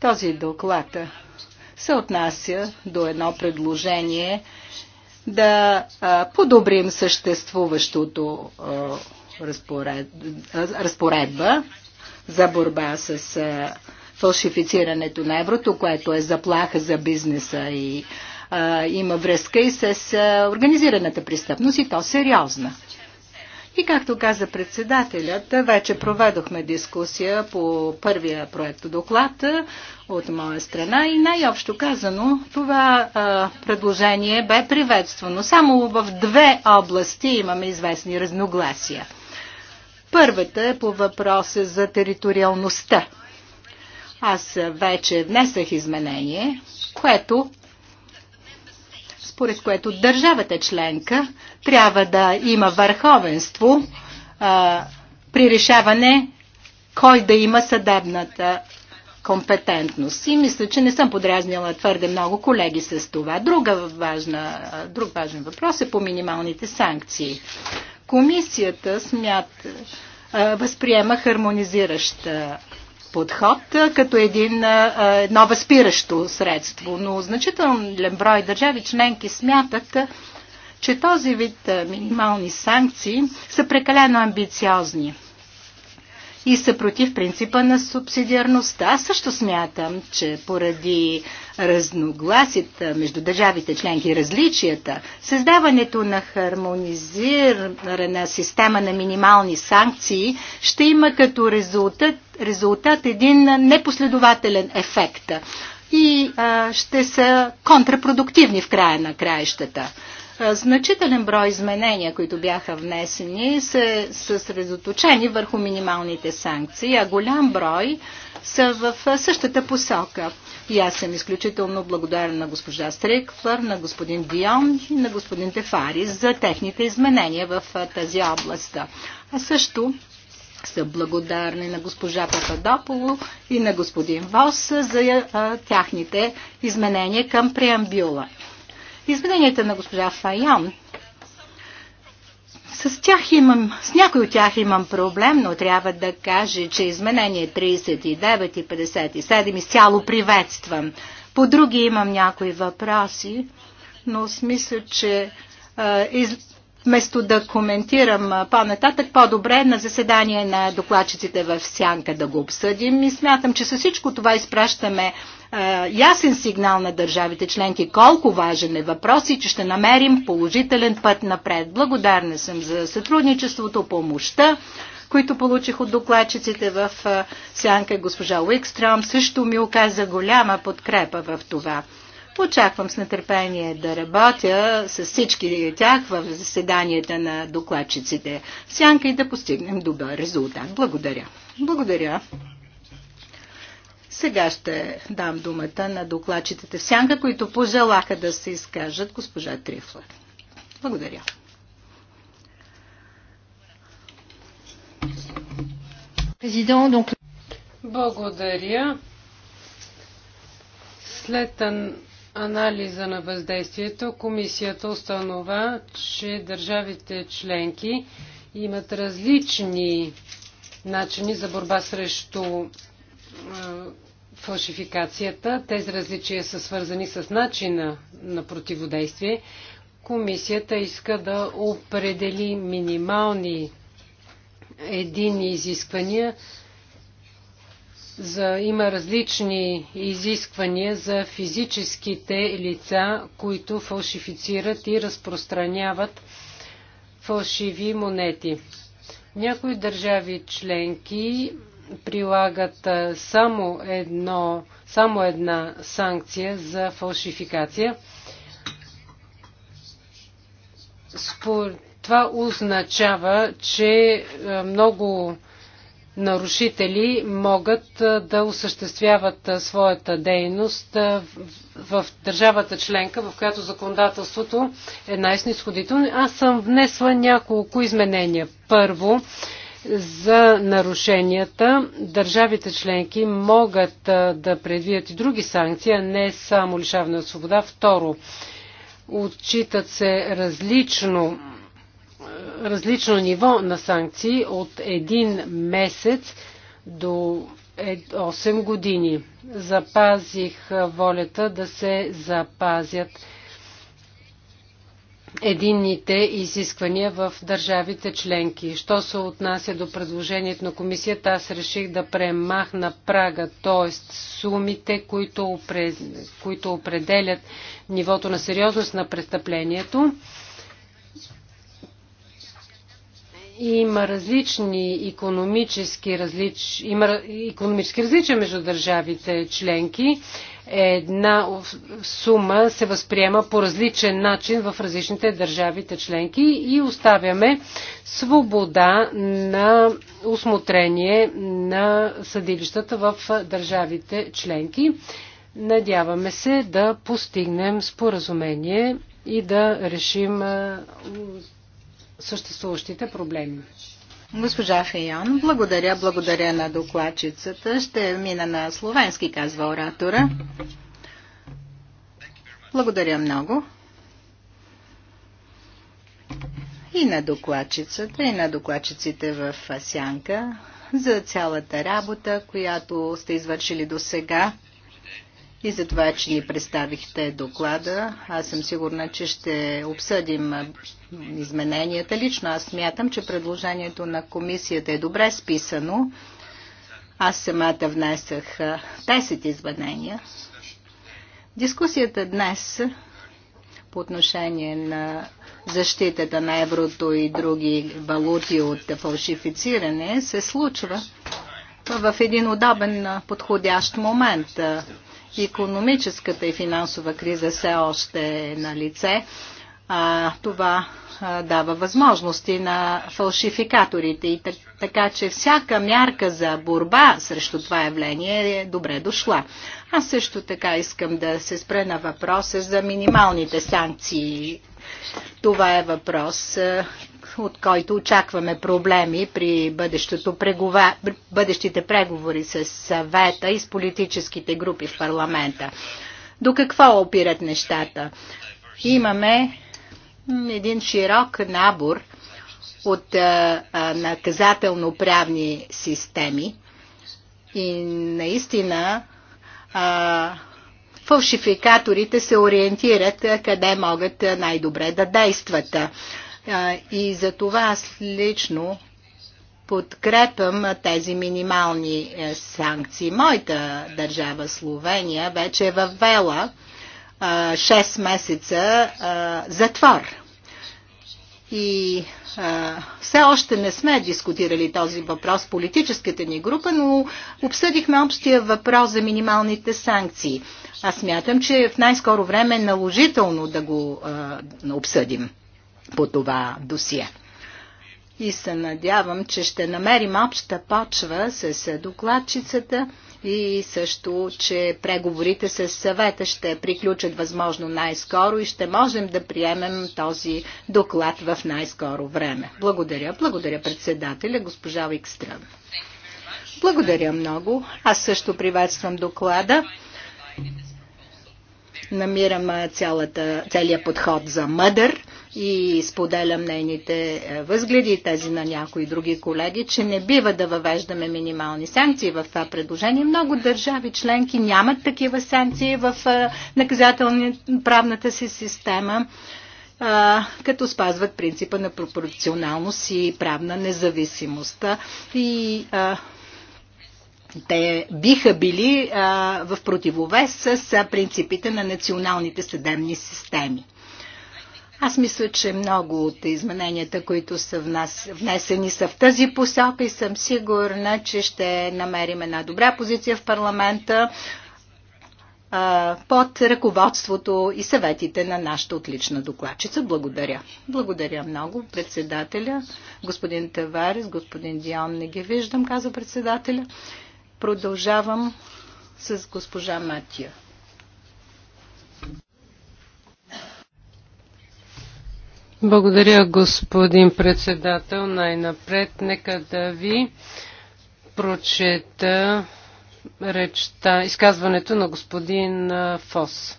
този доклад се отнася до едно предложение да подобрим съществуващото разпоредба за борба с фалшифицирането на еврото, което е заплаха за бизнеса и а, има връзка и с а, организираната престъпност и то сериозна. И както каза председателят, вече проведохме дискусия по първия проект доклад от моя страна и най-общо казано това а, предложение бе приветствано. Само в две области имаме известни разногласия. Първата е по въпроса за териториалността. Аз вече внесах изменение, което според което държавата членка трябва да има върховенство а, при решаване кой да има съдебната компетентност. И мисля, че не съм подразняла твърде много колеги с това. Друга важна, друг важен въпрос е по минималните санкции. Комисията смят, възприема хармонизираща подход като един, едно възпиращо средство. Но значителен брой държави членки смятат, че този вид минимални санкции са прекалено амбициозни и са против принципа на субсидиарността. Аз също смятам, че поради разногласията между държавите членки и различията, създаването на хармонизирана система на минимални санкции ще има като резултат, резултат един непоследователен ефект и а, ще са контрапродуктивни в края на краищата. Значителен брой изменения, които бяха внесени, са съсредоточени върху минималните санкции, а голям брой са в същата посока. И аз съм изключително благодарен на госпожа Стриквър, на господин Дион и на господин Тефари за техните изменения в тази област. А също са благодарни на госпожа Пападополо и на господин Вос за тяхните изменения към преамбюла измененията на госпожа Фаян. С, тях имам, с някой от тях имам проблем, но трябва да кажа, че изменение 39 и 57 изцяло приветствам. По други имам някои въпроси, но смисля, че а, из, вместо да коментирам по-нататък, по-добре е на заседание на докладчиците в Сянка да го обсъдим и смятам, че с всичко това изпращаме е, ясен сигнал на държавите членки колко важен е въпрос и че ще намерим положителен път напред. Благодарна съм за сътрудничеството, помощта, които получих от докладчиците в е, сянка госпожа Уикстрам, също ми оказа голяма подкрепа в това. Очаквам с нетърпение да работя с всички тях в заседанията на докладчиците. Сянка и да постигнем добър резултат. Благодаря. Благодаря. Сега ще дам думата на докладчиците в сянка, които пожелаха да се изкажат госпожа Трифлер. Благодаря. Благодаря. След анализа на въздействието, комисията установа, че държавите членки имат различни начини за борба срещу фалшификацията. Тези различия са свързани с начина на противодействие. Комисията иска да определи минимални едини изисквания. За, има различни изисквания за физическите лица, които фалшифицират и разпространяват фалшиви монети. Някои държави членки прилагат само, едно, само една санкция за фалшификация. Спор... това означава, че много нарушители могат да осъществяват своята дейност в държавата членка, в която законодателството е най-снисходително. Аз съм внесла няколко изменения. Първо, за нарушенията, държавите членки могат да предвидят и други санкции, а не само лишаване от свобода. Второ, отчитат се различно, различно ниво на санкции от един месец до 8 години. Запазих волята да се запазят единните изисквания в държавите членки. Що се отнася до предложението на комисията, аз реших да премахна прага, т.е. сумите, които, опред... които определят нивото на сериозност на престъплението. Има различни економически, различ... Има економически различия между държавите членки една сума се възприема по различен начин в различните държавите членки и оставяме свобода на осмотрение на съдилищата в държавите членки. Надяваме се да постигнем споразумение и да решим съществуващите проблеми. Госпожа Фейон, благодаря, благодаря на докладчицата. Ще мина на словенски, казва оратора. Благодаря много. И на докладчицата, и на докладчиците в Сянка за цялата работа, която сте извършили до сега и за това, че ни представихте доклада. Аз съм сигурна, че ще обсъдим измененията. Лично аз смятам, че предложението на комисията е добре списано. Аз самата внесах 10 изменения. Дискусията днес по отношение на защитата на еврото и други валути от фалшифициране се случва в един удобен подходящ момент економическата и финансова криза все още е на лице. А, това а, дава възможности на фалшификаторите и така, че всяка мярка за борба срещу това явление е добре дошла. Аз също така искам да се спре на въпроса за минималните санкции това е въпрос, е, от който очакваме проблеми при прегова... бъдещите преговори с съвета и с политическите групи в парламента. До какво опират нещата? Имаме един широк набор от е, е, наказателно-правни системи и наистина фалшификаторите се ориентират къде могат най-добре да действат. И за това аз лично подкрепям тези минимални санкции. Моята държава Словения вече е въвела 6 месеца затвор и а, все още не сме дискутирали този въпрос в политическата ни група, но обсъдихме общия въпрос за минималните санкции. Аз смятам, че в най-скоро време е наложително да го а, обсъдим по това досие. И се надявам, че ще намерим обща почва с докладчицата и също, че преговорите с съвета ще приключат възможно най-скоро и ще можем да приемем този доклад в най-скоро време. Благодаря. Благодаря председателя, госпожа Викстрън. Благодаря много. Аз също приветствам доклада Намирам цялата, целият подход за мъдър и споделям нейните възгледи и тези на някои други колеги, че не бива да въвеждаме минимални санкции в това предложение. Много държави членки нямат такива санкции в наказателно правната си система като спазват принципа на пропорционалност и правна независимост. И а, те биха били а, в противовес с а, принципите на националните съдебни системи. Аз мисля, че много от измененията, които са в нас, внесени са в тази посока и съм сигурна, че ще намерим една добра позиция в парламента а, под ръководството и съветите на нашата отлична докладчица. Благодаря. Благодаря много, председателя. Господин Таварис, господин Дион, не ги виждам, каза председателя. Продължавам с госпожа Матия. Благодаря, господин председател. Най-напред нека да ви прочета речта, изказването на господин Фос.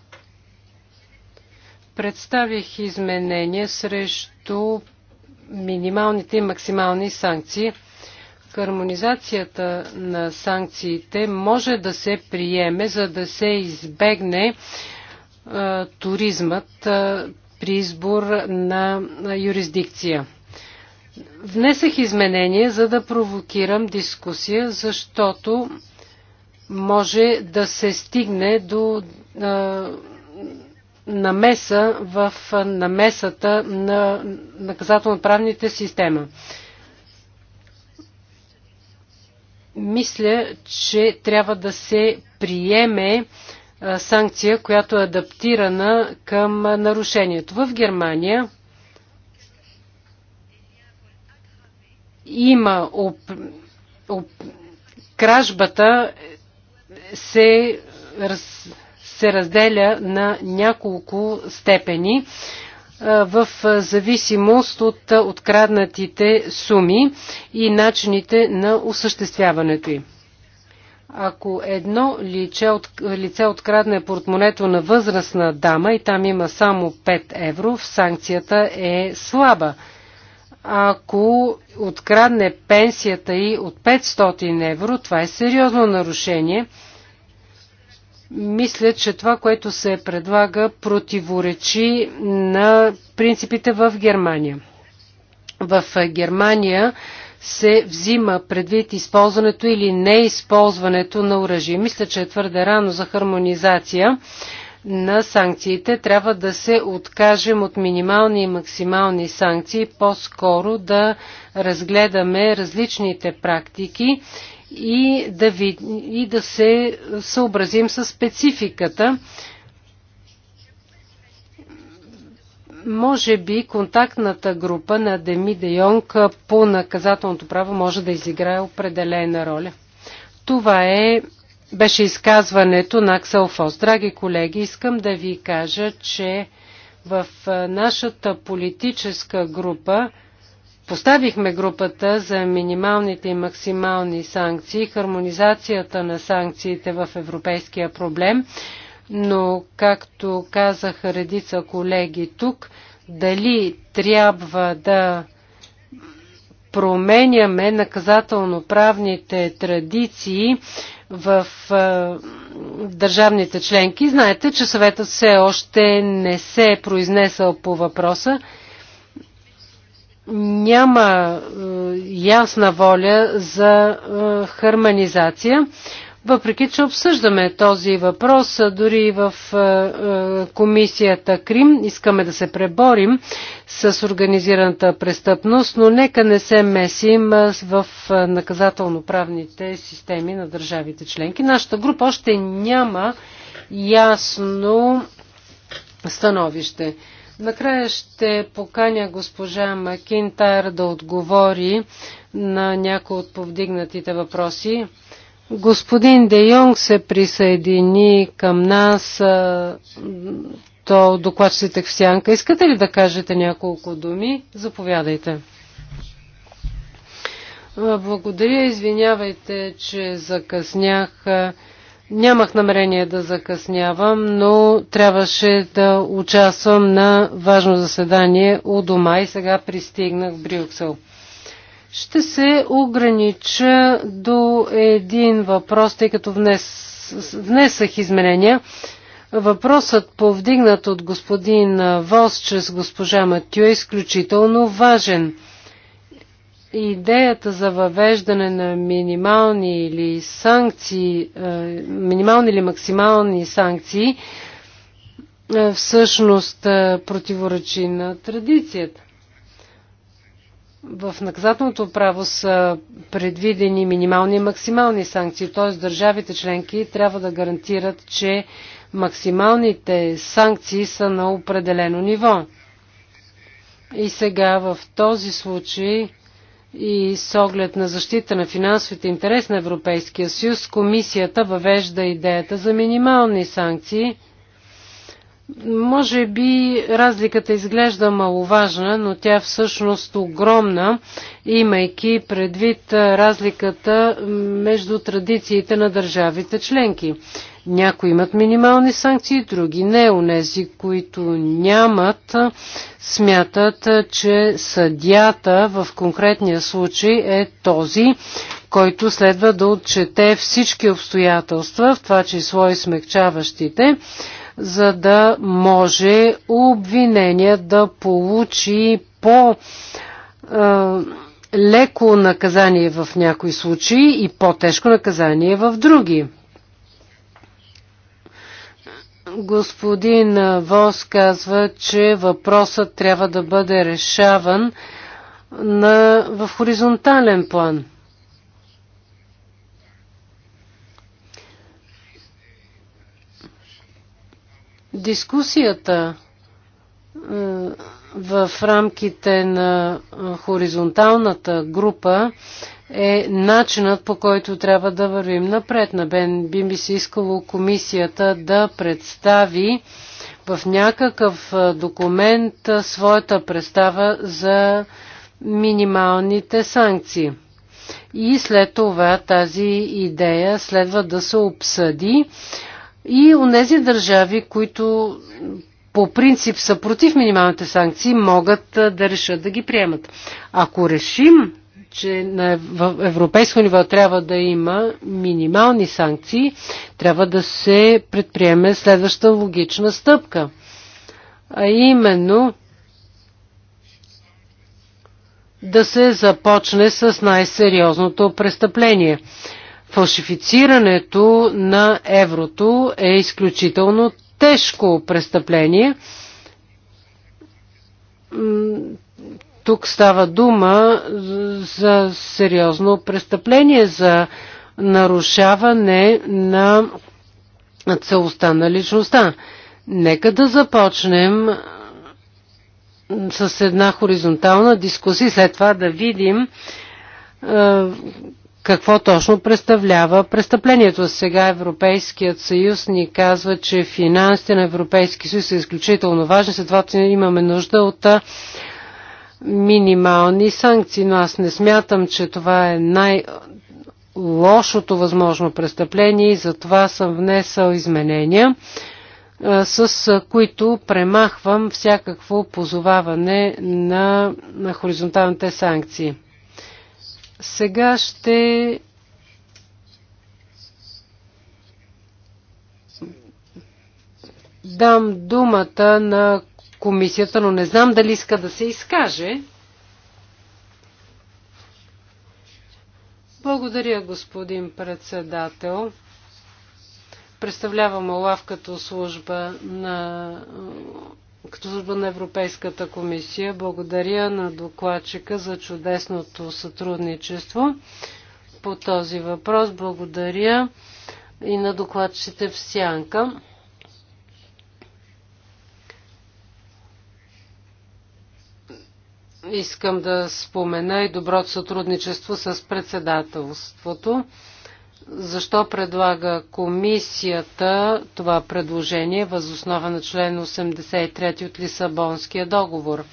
Представих изменения срещу минималните и максимални санкции – хармонизацията на санкциите може да се приеме, за да се избегне е, туризмът е, при избор на юрисдикция. Внесах изменение, за да провокирам дискусия, защото може да се стигне до а, е, намеса в намесата на наказателно-правните система. мисля, че трябва да се приеме санкция, която е адаптирана към нарушението. В Германия има оп... Оп... кражбата се, раз... се разделя на няколко степени в зависимост от откраднатите суми и начините на осъществяването им. Ако едно лице, лице открадне портмонето на възрастна дама и там има само 5 евро, санкцията е слаба. Ако открадне пенсията и от 500 евро, това е сериозно нарушение – мисля, че това, което се предлага, противоречи на принципите в Германия. В Германия се взима предвид използването или неизползването на оръжие. Мисля, че е твърде рано за хармонизация на санкциите. Трябва да се откажем от минимални и максимални санкции, по-скоро да разгледаме различните практики и да, ви, и да се съобразим с спецификата. Може би контактната група на Деми Де Йонг по наказателното право може да изиграе определена роля. Това е, беше изказването на Аксел Фос. Драги колеги, искам да ви кажа, че в нашата политическа група Поставихме групата за минималните и максимални санкции, хармонизацията на санкциите в европейския проблем, но както казаха редица колеги тук, дали трябва да променяме наказателно-правните традиции в е, държавните членки. Знаете, че съветът все още не се е произнесъл по въпроса няма е, ясна воля за е, хармонизация, въпреки че обсъждаме този въпрос е, дори в комисията Крим. Искаме да се преборим с организираната престъпност, но нека не се месим в наказателно-правните системи на държавите членки. Нашата група още няма ясно становище. Накрая ще поканя госпожа Макинтайр да отговори на някои от повдигнатите въпроси. Господин Де Йонг се присъедини към нас, то докладчите в сянка. Искате ли да кажете няколко думи? Заповядайте. Благодаря, извинявайте, че закъснях. Нямах намерение да закъснявам, но трябваше да участвам на важно заседание у дома и сега пристигнах в Брюксел. Ще се огранича до един въпрос, тъй като внес, внесах изменения. Въпросът, повдигнат от господин Вос чрез госпожа Матю, е изключително важен – идеята за въвеждане на минимални или санкции, е, минимални или максимални санкции, е, всъщност е, противоречи на традицията. В наказателното право са предвидени минимални и максимални санкции, т.е. държавите членки трябва да гарантират, че максималните санкции са на определено ниво. И сега в този случай и с оглед на защита на финансовите интерес на Европейския съюз, комисията въвежда идеята за минимални санкции. Може би разликата изглежда маловажна, но тя всъщност огромна, имайки предвид разликата между традициите на държавите членки. Някои имат минимални санкции, други не. Онези, които нямат, смятат, че съдята в конкретния случай е този, който следва да отчете всички обстоятелства, в това число и смягчаващите, за да може обвинение да получи по леко наказание в някои случаи и по-тежко наказание в други. Господин Вос казва, че въпросът трябва да бъде решаван на, в хоризонтален план. Дискусията е, в рамките на хоризонталната група е начинът по който трябва да вървим напред. На Бен би ми се искало комисията да представи в някакъв документ своята представа за минималните санкции. И след това тази идея следва да се обсъди и у нези държави, които по принцип са против минималните санкции, могат да решат да ги приемат. Ако решим че на европейско ниво трябва да има минимални санкции, трябва да се предприеме следваща логична стъпка. А именно да се започне с най-сериозното престъпление. Фалшифицирането на еврото е изключително тежко престъпление тук става дума за сериозно престъпление, за нарушаване на целостта на личността. Нека да започнем с една хоризонтална дискусия, след това да видим какво точно представлява престъплението. Сега Европейският съюз ни казва, че финансите на Европейски съюз са изключително важни, след това имаме нужда от минимални санкции, но аз не смятам, че това е най- лошото възможно престъпление и затова съм внесъл изменения, с които премахвам всякакво позоваване на, на хоризонталните санкции. Сега ще дам думата на комисията, но не знам дали иска да се изкаже. Благодаря, господин председател. Представлявам ОЛАВ като служба на като служба на Европейската комисия. Благодаря на докладчика за чудесното сътрудничество по този въпрос. Благодаря и на докладчите в Сянка. Искам да спомена и доброто сътрудничество с председателството. Защо предлага комисията това предложение възоснова на член 83 от Лисабонския договор?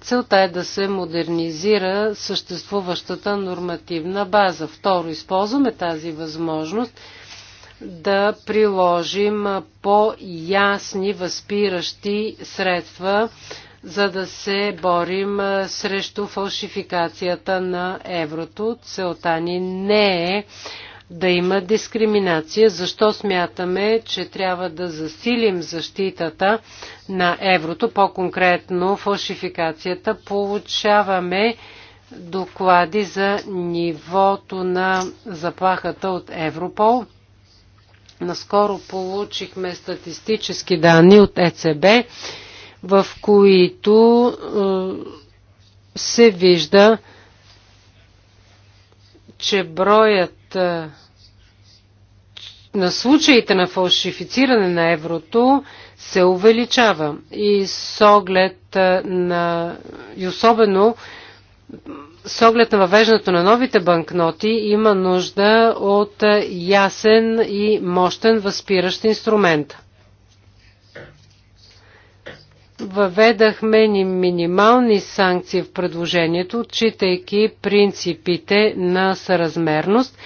Целта е да се модернизира съществуващата нормативна база. Второ, използваме тази възможност да приложим по-ясни възпиращи средства за да се борим срещу фалшификацията на еврото. Целта ни не е да има дискриминация. Защо смятаме, че трябва да засилим защитата на еврото, по-конкретно фалшификацията? Получаваме доклади за нивото на заплахата от Европол. Наскоро получихме статистически данни от ЕЦБ в които е, се вижда, че броят е, на случаите на фалшифициране на еврото се увеличава и с оглед е, на и особено с оглед на въвеждането на новите банкноти има нужда от ясен и мощен възпиращ инструмент. Въведахме ни минимални санкции в предложението, отчитайки принципите на съразмерност.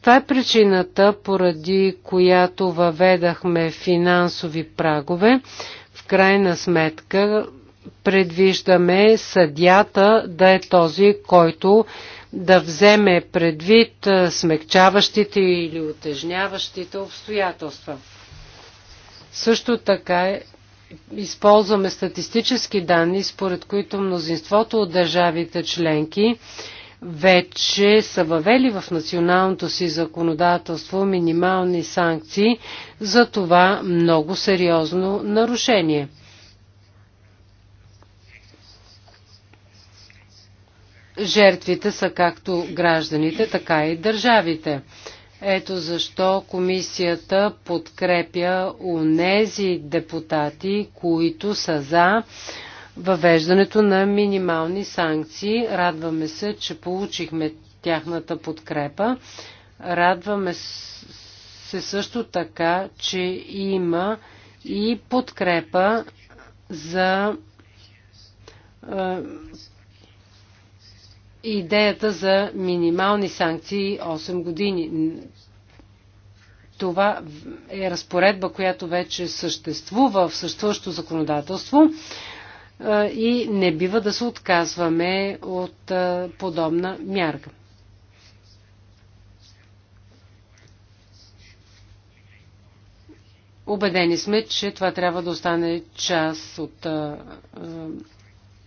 Това е причината, поради която въведахме финансови прагове. В крайна сметка предвиждаме съдята да е този, който да вземе предвид смягчаващите или отежняващите обстоятелства. Също така е използваме статистически данни, според които мнозинството от държавите членки вече са въвели в националното си законодателство минимални санкции за това много сериозно нарушение. Жертвите са както гражданите, така и държавите. Ето защо комисията подкрепя у нези депутати, които са за въвеждането на минимални санкции. Радваме се, че получихме тяхната подкрепа. Радваме се също така, че има и подкрепа за е, идеята за минимални санкции 8 години. Това е разпоредба, която вече съществува в съществуващо законодателство и не бива да се отказваме от подобна мярка. Обедени сме, че това трябва да остане част от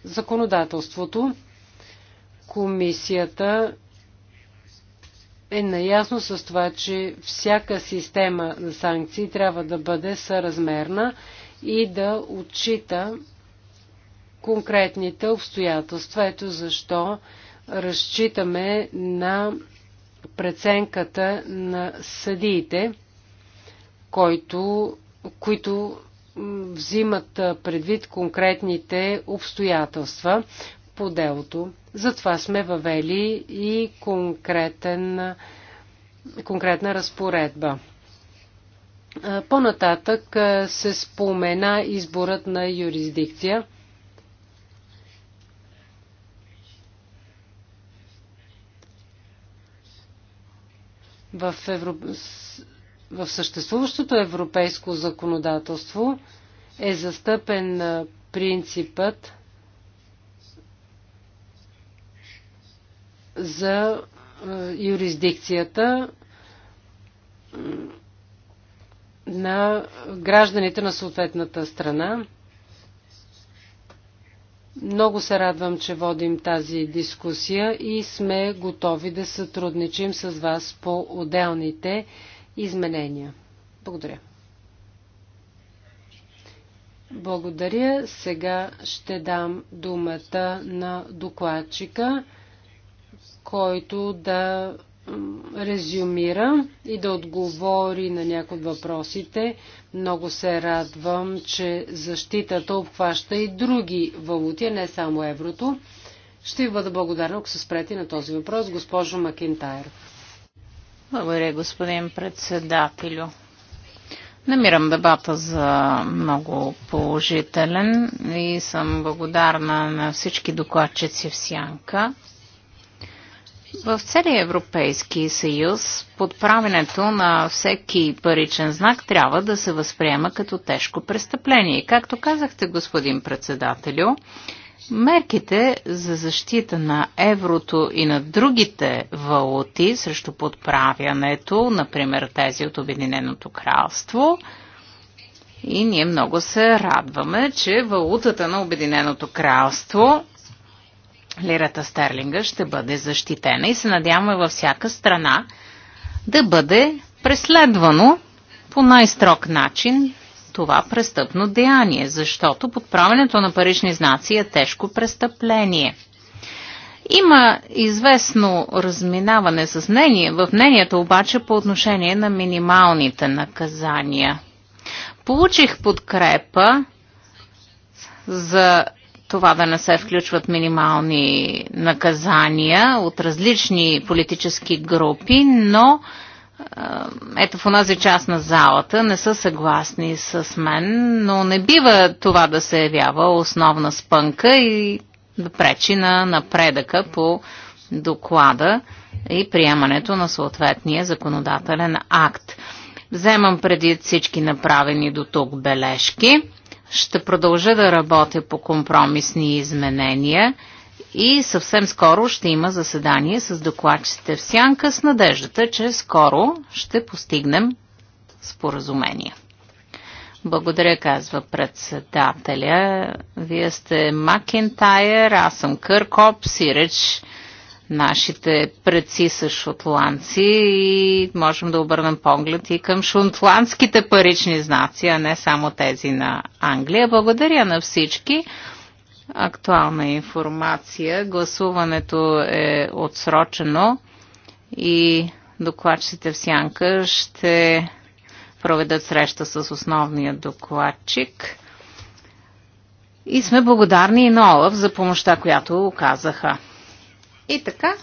законодателството. Комисията е наясно с това, че всяка система на санкции трябва да бъде съразмерна и да отчита конкретните обстоятелства. Ето защо разчитаме на преценката на съдиите, който, които взимат предвид конкретните обстоятелства по делото. Затова сме въвели и конкретен, конкретна разпоредба. По-нататък се спомена изборът на юрисдикция. В, Европ... в съществуващото европейско законодателство е застъпен принципът за е, юрисдикцията на гражданите на съответната страна. Много се радвам, че водим тази дискусия и сме готови да сътрудничим с вас по отделните изменения. Благодаря. Благодаря. Сега ще дам думата на докладчика който да резюмира и да отговори на някои от въпросите. Много се радвам, че защитата обхваща и други валути, а не само еврото. Ще ви бъда благодарна, ако се спрете на този въпрос, госпожо Макентайр. Благодаря, господин председателю. Намирам дебата за много положителен и съм благодарна на всички докладчици в Сянка. В целия Европейски съюз подправенето на всеки паричен знак трябва да се възприема като тежко престъпление. Както казахте, господин председателю, мерките за защита на еврото и на другите валути срещу подправянето, например тези от Обединеното кралство, и ние много се радваме, че валутата на Обединеното кралство лирата стерлинга ще бъде защитена и се надяваме във всяка страна да бъде преследвано по най-строг начин това престъпно деяние, защото подправенето на парични знаци е тежко престъпление. Има известно разминаване с мнение, в мнението обаче по отношение на минималните наказания. Получих подкрепа за това да не се включват минимални наказания от различни политически групи, но е, ето в онази част на залата не са съгласни с мен, но не бива това да се явява основна спънка и да пречи на напредъка по доклада и приемането на съответния законодателен акт. Вземам преди всички направени до тук бележки ще продължа да работя по компромисни изменения и съвсем скоро ще има заседание с докладчите в сянка с надеждата, че скоро ще постигнем споразумение. Благодаря, казва председателя. Вие сте Макентайер, аз съм Къркоп, Сиреч нашите предци са шотландци и можем да обърнем поглед и към шотландските парични знаци, а не само тези на Англия. Благодаря на всички. Актуална информация. Гласуването е отсрочено и докладчите в Сянка ще проведат среща с основния докладчик. И сме благодарни и на Олаф за помощта, която оказаха. И така,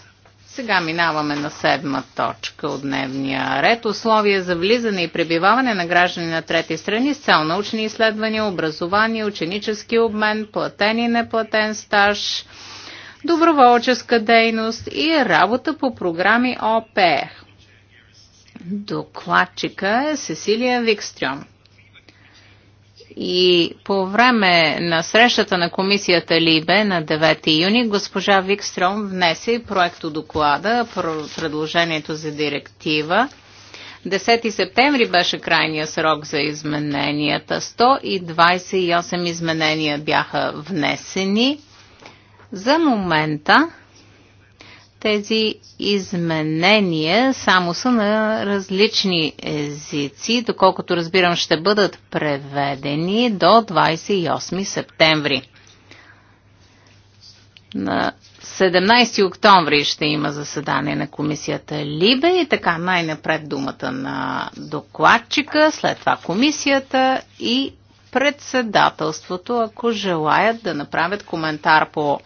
сега минаваме на седма точка от дневния ред. Условия за влизане и пребиваване на граждани на трети страни с цел научни изследвания, образование, ученически обмен, платен и неплатен стаж, доброволческа дейност и работа по програми ОПЕХ. Е. Докладчика е Сесилия Викстрюм. И по време на срещата на комисията Либе на 9 юни госпожа Викстром внесе проекто доклада, предложението за директива. 10 септември беше крайния срок за измененията. 128 изменения бяха внесени. За момента тези изменения само са на различни езици, доколкото разбирам ще бъдат преведени до 28 септември. На 17 октомври ще има заседание на комисията Либе и така най-напред думата на докладчика, след това комисията и председателството, ако желаят да направят коментар по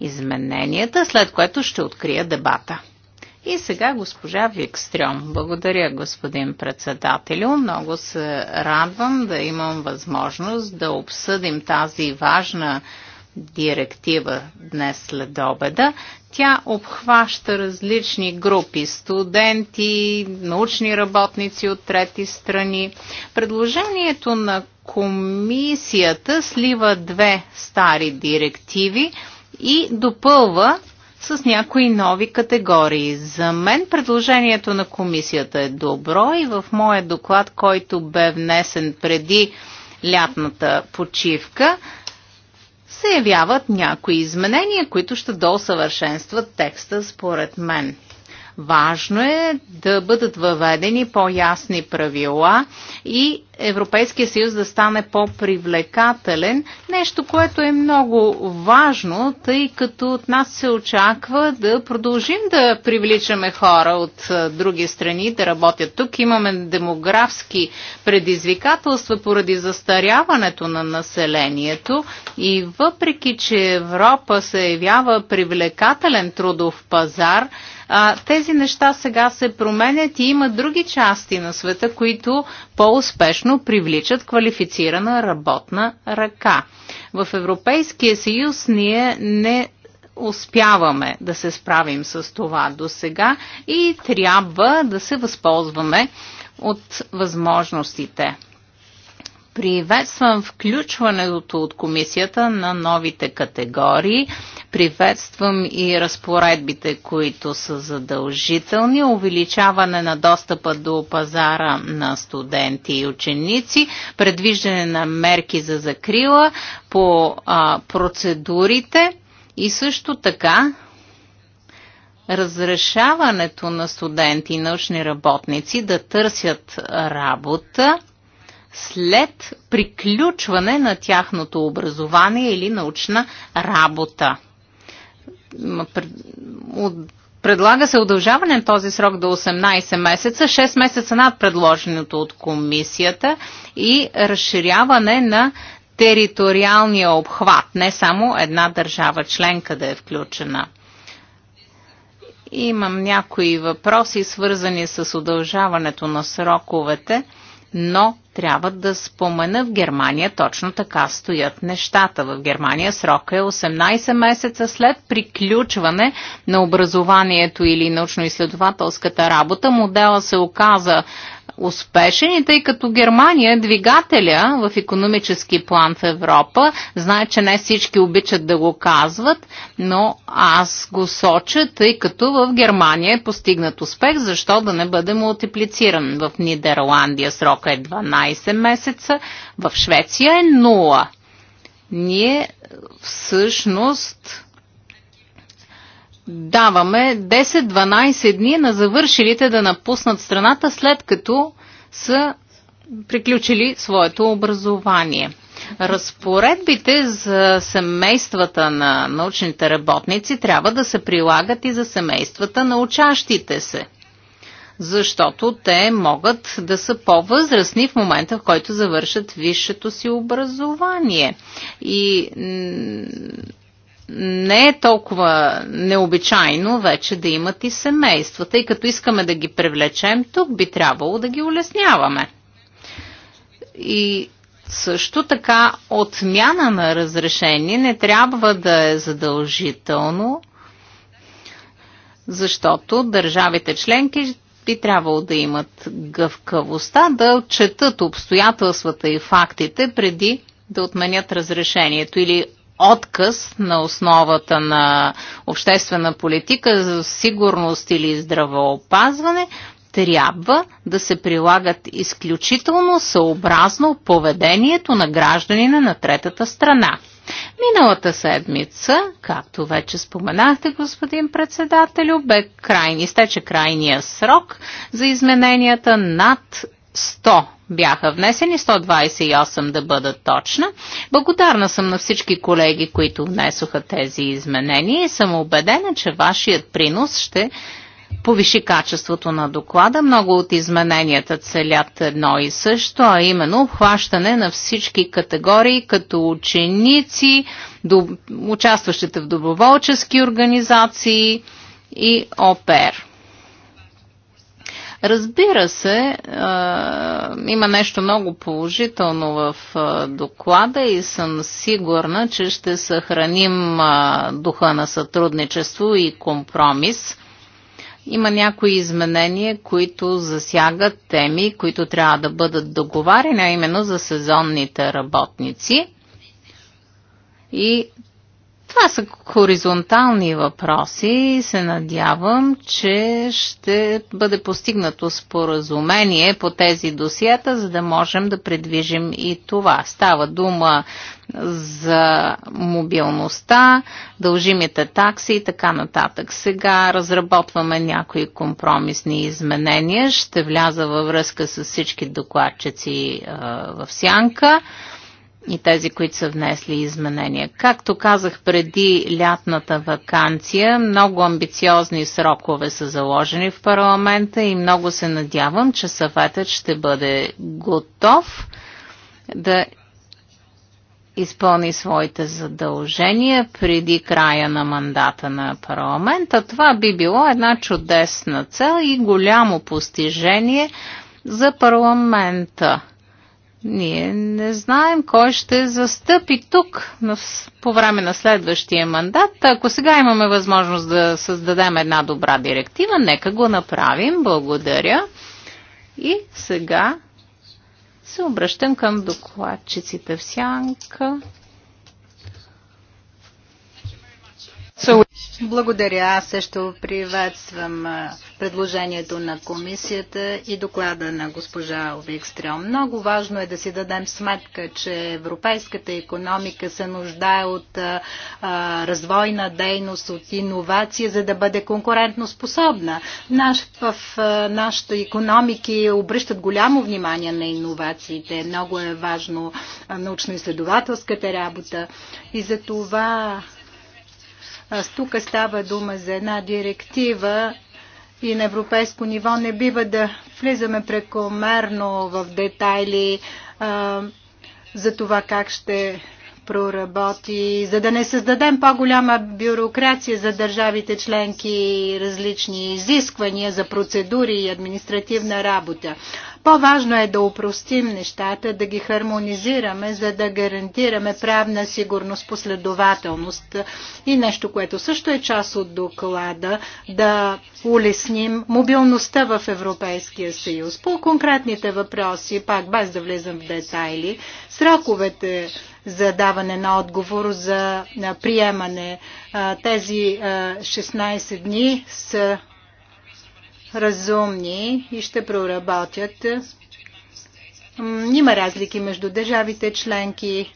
измененията, след което ще открия дебата. И сега госпожа Викстрем. Благодаря, господин председателю. Много се радвам да имам възможност да обсъдим тази важна директива днес след обеда. Тя обхваща различни групи студенти, научни работници от трети страни. Предложението на комисията слива две стари директиви – и допълва с някои нови категории. За мен предложението на комисията е добро и в моя доклад, който бе внесен преди лятната почивка, се явяват някои изменения, които ще доусъвършенстват текста според мен. Важно е да бъдат въведени по-ясни правила и Европейския съюз да стане по-привлекателен, нещо, което е много важно, тъй като от нас се очаква да продължим да привличаме хора от други страни да работят тук. Имаме демографски предизвикателства поради застаряването на населението и въпреки, че Европа се явява привлекателен трудов пазар, а, тези неща сега се променят и има други части на света, които по-успешно привличат квалифицирана работна ръка. В Европейския съюз ние не успяваме да се справим с това до сега и трябва да се възползваме от възможностите. Приветствам включването от комисията на новите категории. Приветствам и разпоредбите, които са задължителни. Увеличаване на достъпа до пазара на студенти и ученици. Предвиждане на мерки за закрила по а, процедурите. И също така разрешаването на студенти и научни работници да търсят работа след приключване на тяхното образование или научна работа. Предлага се удължаване на този срок до 18 месеца, 6 месеца над предложеното от комисията и разширяване на териториалния обхват, не само една държава членка да е включена. Имам някои въпроси, свързани с удължаването на сроковете, но трябва да спомена, в Германия точно така стоят нещата. В Германия срока е 18 месеца след приключване на образованието или научно-изследователската работа. Модела се оказа успешен и тъй като Германия е двигателя в економически план в Европа. Знае, че не всички обичат да го казват, но аз го соча, тъй като в Германия е постигнат успех, защо да не бъде мултиплициран. В Нидерландия срока е 12 месеца, в Швеция е 0. Ние всъщност даваме 10-12 дни на завършилите да напуснат страната, след като са приключили своето образование. Разпоредбите за семействата на научните работници трябва да се прилагат и за семействата на учащите се, защото те могат да са по-възрастни в момента, в който завършат висшето си образование. И не е толкова необичайно вече да имат и семейства, тъй като искаме да ги привлечем, тук би трябвало да ги улесняваме. И също така отмяна на разрешение не трябва да е задължително, защото държавите членки би трябвало да имат гъвкавостта да четат обстоятелствата и фактите преди да отменят разрешението или отказ на основата на обществена политика за сигурност или здравеопазване, трябва да се прилагат изключително съобразно поведението на гражданина на третата страна. Миналата седмица, както вече споменахте, господин председателю, бе крайни, изтече крайния срок за измененията над 100 бяха внесени, 128 да бъдат точна. Благодарна съм на всички колеги, които внесоха тези изменения и съм убедена, че вашият принос ще повиши качеството на доклада. Много от измененията целят едно и също, а именно обхващане на всички категории, като ученици, участващите в доброволчески организации и ОПЕР. Разбира се, има нещо много положително в доклада и съм сигурна, че ще съхраним духа на сътрудничество и компромис. Има някои изменения, които засягат теми, които трябва да бъдат договарени, а именно за сезонните работници и това са хоризонтални въпроси и се надявам, че ще бъде постигнато споразумение по тези досията, за да можем да предвижим и това. Става дума за мобилността, дължимите такси и така нататък. Сега разработваме някои компромисни изменения. Ще вляза във връзка с всички докладчици в сянка и тези, които са внесли изменения. Както казах преди лятната вакансия, много амбициозни срокове са заложени в парламента и много се надявам, че съветът ще бъде готов да изпълни своите задължения преди края на мандата на парламента. Това би било една чудесна цел и голямо постижение за парламента ние не знаем кой ще застъпи тук по време на следващия мандат. Ако сега имаме възможност да създадем една добра директива, нека го направим. Благодаря. И сега се обръщам към докладчиците в сянка. Благодаря. Аз също приветствам предложението на комисията и доклада на госпожа Викстрем. Много важно е да си дадем сметка, че европейската економика се нуждае от а, развойна дейност, от иновация, за да бъде конкурентно способна. Наш, в а, нашите економики обръщат голямо внимание на иновациите. Много е важно научно-изследователската работа и за това тук става дума за една директива, и на европейско ниво не бива да влизаме прекомерно в детайли а, за това как ще проработи, за да не създадем по-голяма бюрокрация за държавите членки, различни изисквания за процедури и административна работа. По-важно е да упростим нещата, да ги хармонизираме, за да гарантираме правна сигурност, последователност и нещо, което също е част от доклада, да улесним мобилността в Европейския съюз. По конкретните въпроси, пак без да влезам в детайли, сроковете за даване на отговор за приемане. Тези 16 дни са разумни и ще проработят. Има разлики между държавите членки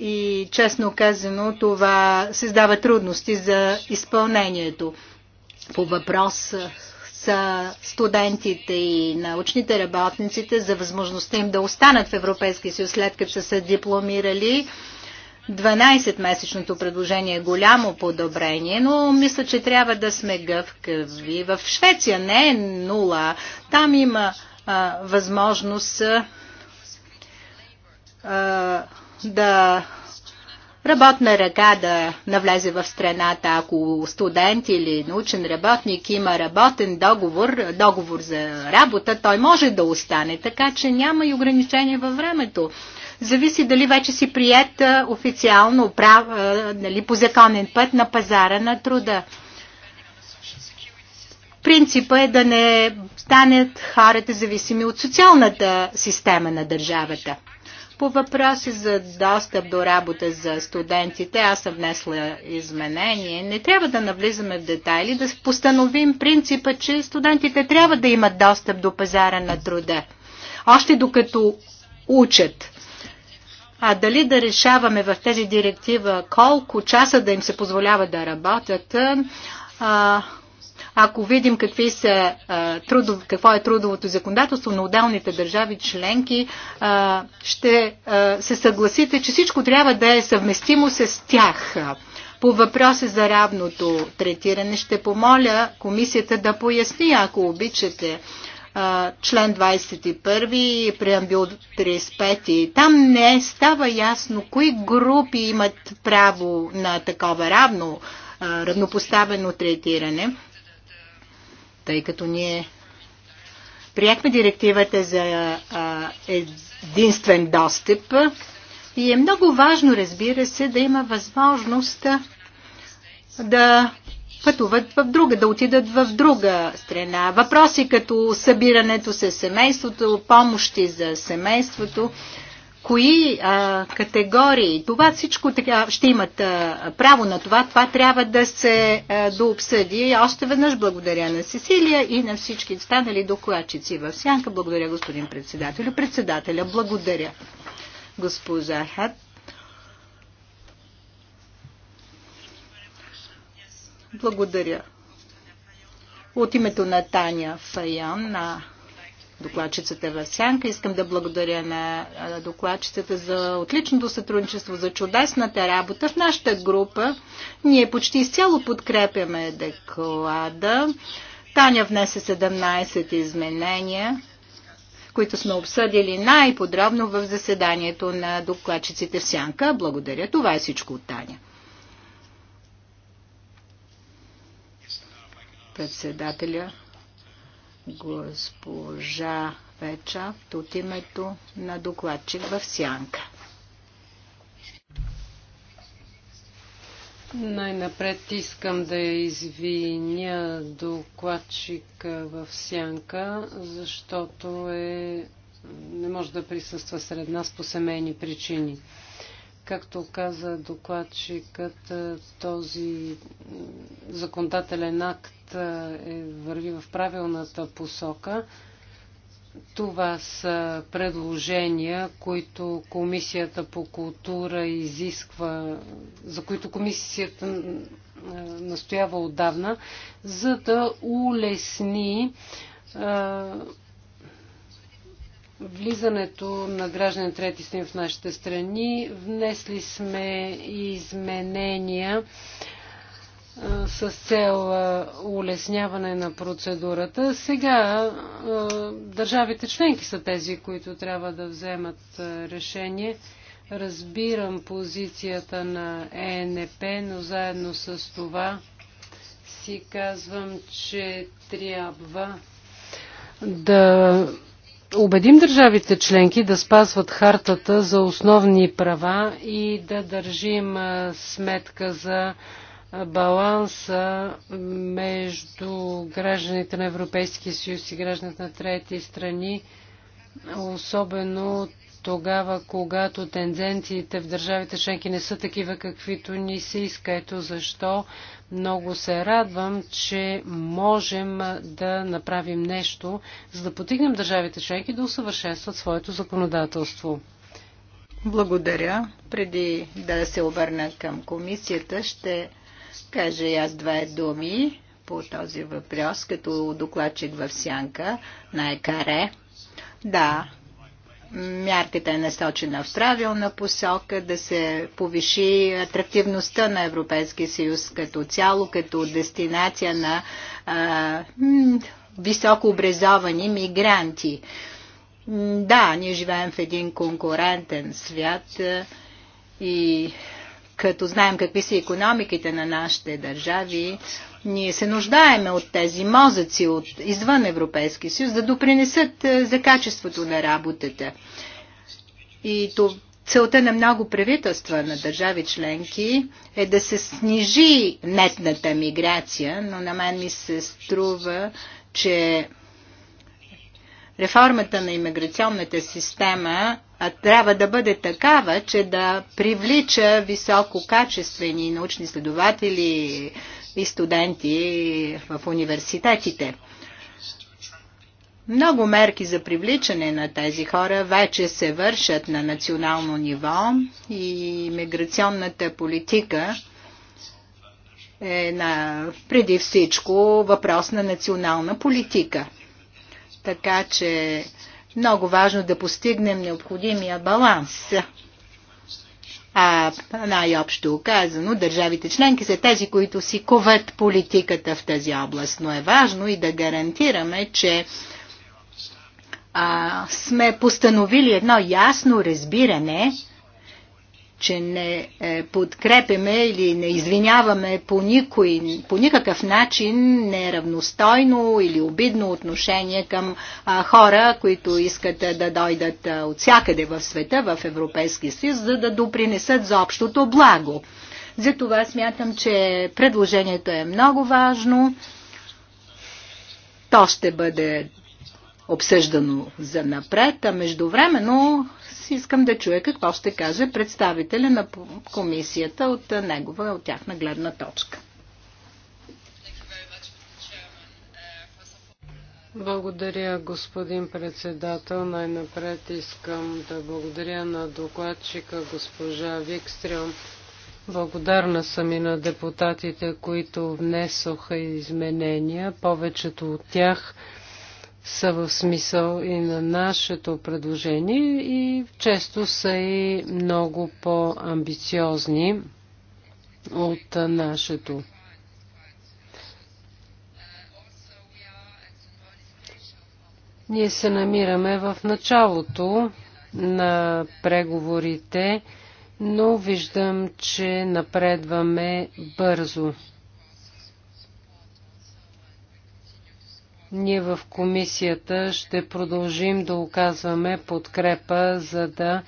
и честно казано това създава трудности за изпълнението. По въпрос за студентите и научните работниците, за възможността им да останат в Европейския съюз след като са се дипломирали. 12-месечното предложение е голямо подобрение, но мисля, че трябва да сме гъвкави. В Швеция не е нула. Там има а, възможност а, да работна ръка да навлезе в страната. Ако студент или научен работник има работен договор, договор за работа, той може да остане, така че няма и ограничение във времето. Зависи дали вече си прият официално прав, нали, по законен път на пазара на труда. Принципа е да не станат хората зависими от социалната система на държавата. По въпроси за достъп до работа за студентите, аз съм внесла изменение. Не трябва да навлизаме в детайли, да постановим принципа, че студентите трябва да имат достъп до пазара на труда. Още докато учат. А дали да решаваме в тези директива колко часа да им се позволява да работят, а, ако видим какви са, а, трудов, какво е трудовото законодателство на отделните държави членки, а, ще а, се съгласите, че всичко трябва да е съвместимо с тях. По въпроса за равното третиране ще помоля комисията да поясни, ако обичате член 21, преамбил 35. Там не става ясно кои групи имат право на такова равно, равнопоставено третиране тъй като ние приехме директивата за единствен достъп и е много важно, разбира се, да има възможност да пътуват в друга, да отидат в друга страна. Въпроси като събирането с семейството, помощи за семейството кои а, категории, това всичко така, ще имат а, право на това, това трябва да се а, дообсъди. Още веднъж благодаря на Сесилия и на всички станали докладчици в Сянка. Благодаря господин председател. Председателя, благодаря госпожа Хат. Благодаря. От името на Таня Фаян, на докладчицата в Сянка. Искам да благодаря на докладчицата за отличното сътрудничество, за чудесната работа. В нашата група ние почти изцяло подкрепяме доклада. Таня внесе 17 изменения които сме обсъдили най-подробно в заседанието на докладчиците в Сянка. Благодаря. Това е всичко от Таня. Председателя госпожа Веча от името на докладчик в Сянка. Най-напред искам да извиня докладчика в Сянка, защото е... не може да присъства сред нас по семейни причини. Както каза докладчикът, е, този законодателен акт е, е, върви в правилната посока. Това са предложения, които Комисията по култура изисква, за които Комисията е, настоява отдавна, за да улесни влизането на граждани трети страни в нашите страни. Внесли сме изменения с цел улесняване на процедурата. Сега държавите членки са тези, които трябва да вземат решение. Разбирам позицията на ЕНП, но заедно с това си казвам, че трябва да убедим държавите членки да спазват хартата за основни права и да държим сметка за баланса между гражданите на Европейския съюз и гражданите на трети страни, особено тогава, когато тенденциите в държавите членки не са такива, каквито ни се иска. Ето защо много се радвам, че можем да направим нещо, за да потигнем държавите членки да усъвършенстват своето законодателство. Благодаря. Преди да се обърна към комисията, ще кажа и аз две думи по този въпрос, като докладчик в Сянка на Екаре. Да, мярката е насочена в правилна посока, да се повиши атрактивността на Европейския съюз като цяло, като дестинация на а, високо образовани мигранти. Да, ние живеем в един конкурентен свят и като знаем какви са економиките на нашите държави, ние се нуждаеме от тези мозъци от извън Европейския съюз да допринесат е, за качеството на работата. И то, целта на много правителства на държави членки е да се снижи нетната миграция, но на мен ми се струва, че реформата на иммиграционната система а, трябва да бъде такава, че да привлича висококачествени научни следователи, и студенти в университетите. Много мерки за привличане на тези хора вече се вършат на национално ниво и миграционната политика е на, преди всичко въпрос на национална политика. Така че много важно да постигнем необходимия баланс а най-общо казано, държавите членки са тези, които си коват политиката в тази област, но е важно и да гарантираме, че а, сме постановили едно ясно разбиране че не е, подкрепяме или не извиняваме по, никой, по никакъв начин неравностойно или обидно отношение към хора, които искат е, да дойдат е, от всякъде в света, в Европейски съюз, за да допринесат за общото благо. Затова смятам, че предложението е много важно. То ще бъде обсъждано за напред, а междувременно искам да чуя какво ще каже представителя на комисията от негова, от тяхна гледна точка. Благодаря, господин председател. Най-напред искам да благодаря на докладчика госпожа Викстрион. Благодарна съм и на депутатите, които внесоха изменения. Повечето от тях са в смисъл и на нашето предложение и често са и много по-амбициозни от нашето. Ние се намираме в началото на преговорите, но виждам, че напредваме бързо. Ние в комисията ще продължим да оказваме подкрепа, за да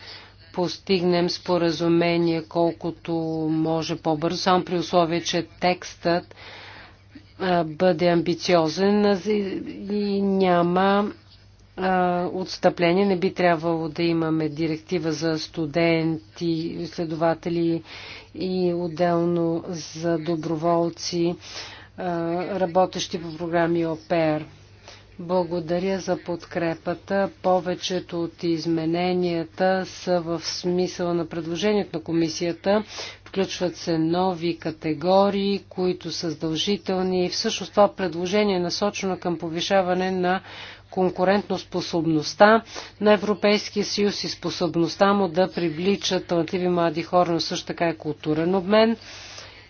постигнем споразумение колкото може по-бързо, само при условие, че текстът бъде амбициозен и няма отстъпление. Не би трябвало да имаме директива за студенти, изследователи и отделно за доброволци работещи по програми ОПР. Благодаря за подкрепата. Повечето от измененията са в смисъла на предложението на комисията. Включват се нови категории, които са задължителни. Всъщност това предложение е насочено към повишаване на конкурентноспособността на Европейския съюз и способността му да привличат талантливи млади хора, но също така и културен обмен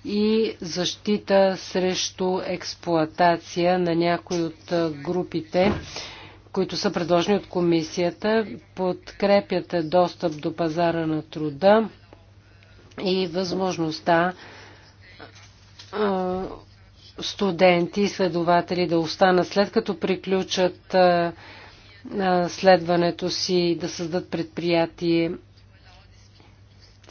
и защита срещу експлоатация на някои от групите, които са предложени от комисията. Подкрепяте достъп до пазара на труда и възможността студенти и следователи да останат след като приключат следването си, да създадат предприятие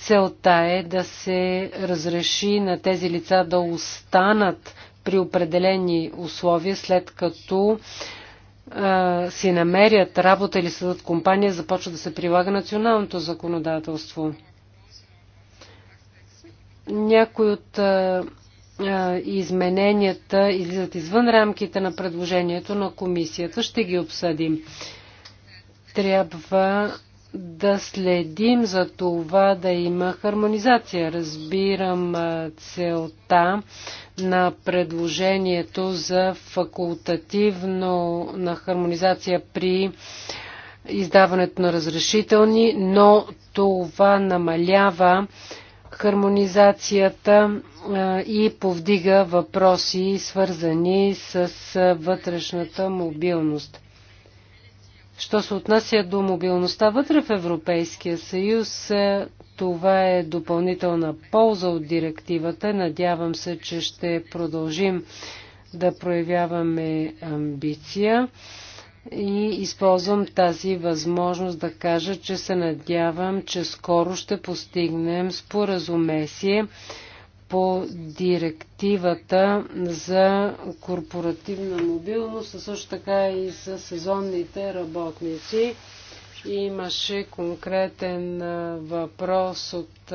Целта е да се разреши на тези лица да останат при определени условия, след като а, си намерят работа или съдат компания, започва да се прилага националното законодателство. Някои от а, измененията излизат извън рамките на предложението на комисията. Ще ги обсъдим. Трябва да следим за това да има хармонизация. Разбирам целта на предложението за факултативно на хармонизация при издаването на разрешителни, но това намалява хармонизацията и повдига въпроси, свързани с вътрешната мобилност. Що се отнася до мобилността вътре в Европейския съюз, е, това е допълнителна полза от директивата. Надявам се, че ще продължим да проявяваме амбиция и използвам тази възможност да кажа, че се надявам, че скоро ще постигнем споразумесие по директивата за корпоративна мобилност, а също така и за сезонните работници. Имаше конкретен въпрос от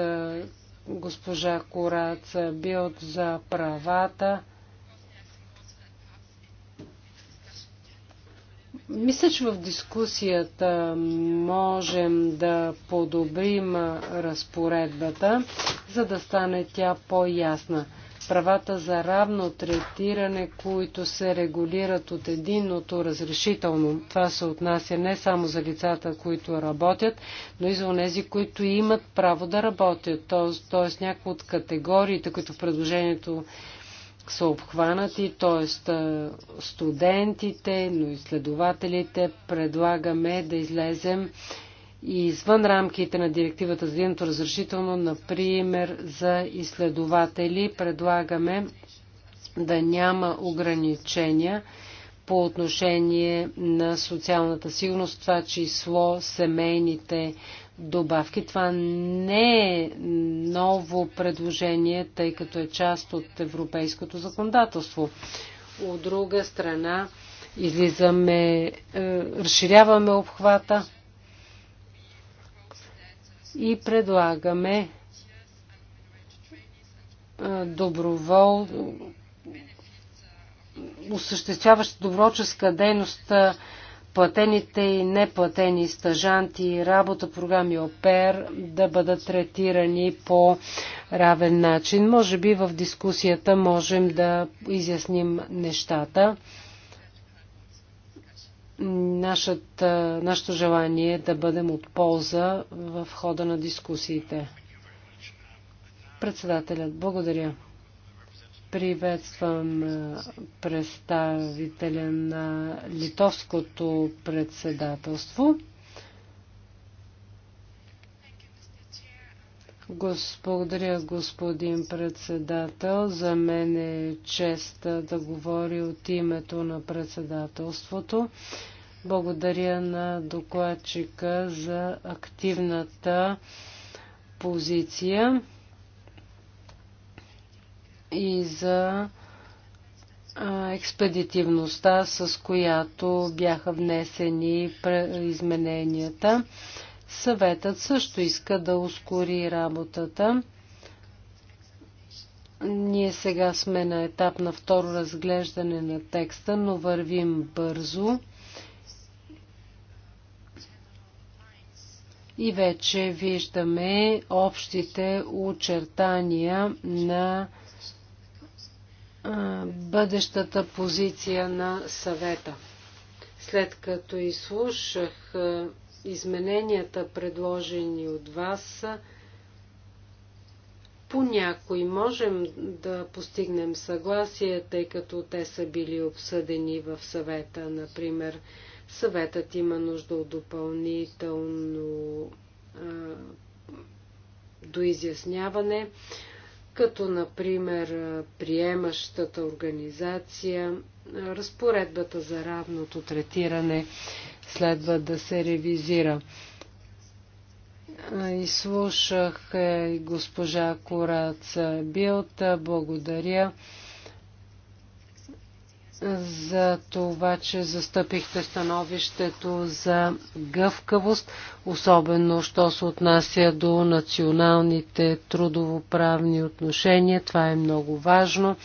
госпожа Кораца Билт за правата Мисля, че в дискусията можем да подобрим разпоредбата, за да стане тя по-ясна. Правата за равно третиране, които се регулират от единното разрешително. Това се отнася не само за лицата, които работят, но и за тези, които имат право да работят. Тоест, тоест някои от категориите, които в предложението са обхванати, т.е. студентите, но изследователите предлагаме да излезем и извън рамките на директивата за единното разрешително, например за изследователи, предлагаме да няма ограничения по отношение на социалната сигурност, това число семейните добавки. Това не е ново предложение, тъй като е част от европейското законодателство. От друга страна, излизаме, е, разширяваме обхвата и предлагаме е, добровол, осъществяващи доброческа дейност е, платените и неплатени стажанти, работа, програми ОПЕР да бъдат третирани по равен начин. Може би в дискусията можем да изясним нещата. Нашата, нашето желание е да бъдем от полза в хода на дискусиите. Председателят, благодаря. Приветствам е, представителя на литовското председателство. Благодаря, господин председател. За мен е чест е, да говори от името на председателството. Благодаря на докладчика за активната позиция и за експедитивността, с която бяха внесени измененията. Съветът също иска да ускори работата. Ние сега сме на етап на второ разглеждане на текста, но вървим бързо. И вече виждаме общите очертания на бъдещата позиция на съвета. След като изслушах измененията, предложени от вас, по някои можем да постигнем съгласие, тъй като те са били обсъдени в съвета. Например, съветът има нужда от допълнително а, доизясняване. изясняване като например приемащата организация, разпоредбата за равното третиране следва да се ревизира. Изслушах е, госпожа Кураца Билта. Благодаря за това, че застъпихте становището за гъвкавост, особено що се отнася до националните трудовоправни отношения. Това е много важно.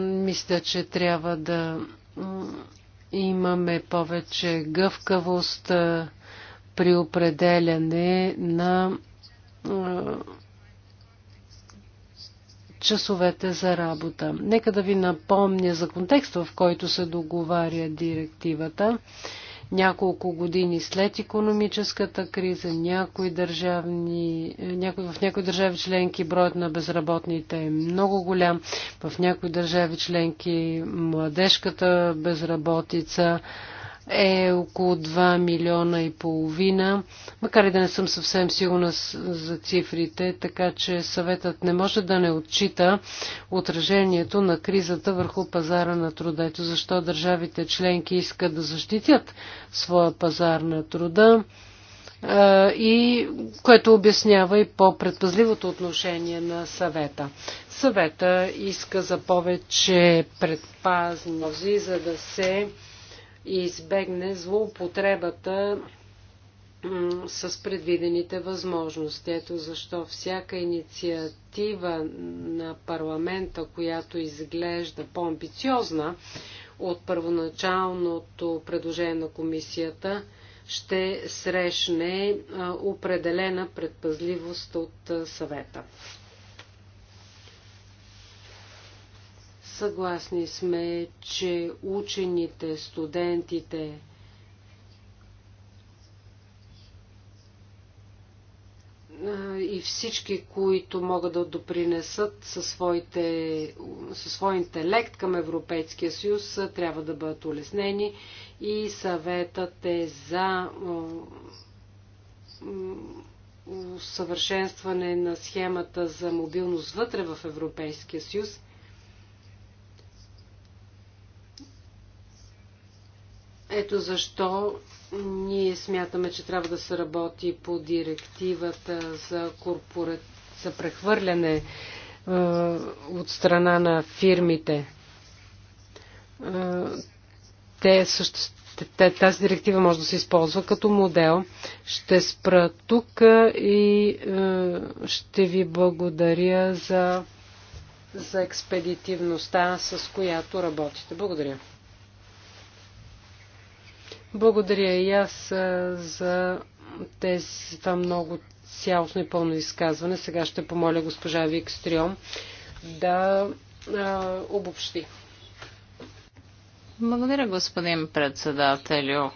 Мисля, че трябва да имаме повече гъвкавост при определяне на часовете за работа. Нека да ви напомня за контекста, в който се договаря директивата. Няколко години след економическата криза, някои държавни, е, някои, в някои държави членки броят на безработните е много голям, в някои държави членки младежката безработица е около 2 милиона и половина, макар и да не съм съвсем сигурна за цифрите, така че съветът не може да не отчита отражението на кризата върху пазара на труда. Ето защо държавите членки искат да защитят своя пазар на труда и което обяснява и по-предпазливото отношение на съвета. Съвета иска за повече предпазнози, за да се избегне злоупотребата с предвидените възможности. Ето защо всяка инициатива на парламента, която изглежда по-амбициозна от първоначалното предложение на комисията, ще срещне определена предпазливост от съвета. Съгласни сме, че учените, студентите, и всички, които могат да допринесат със, своите, със своя интелект към Европейския съюз, трябва да бъдат улеснени и съветът е за усъвършенстване на схемата за мобилност вътре в Европейския съюз. Ето защо ние смятаме, че трябва да се работи по директивата за, корпорат... за прехвърляне е, от страна на фирмите. Е, те също... Тази директива може да се използва като модел. Ще спра тук е, и е, ще ви благодаря за, за експедитивността, с която работите. Благодаря. Благодаря и аз за тези това много цялостно и пълно изказване. Сега ще помоля госпожа Викстриом да а, обобщи. Благодаря, господин председателю.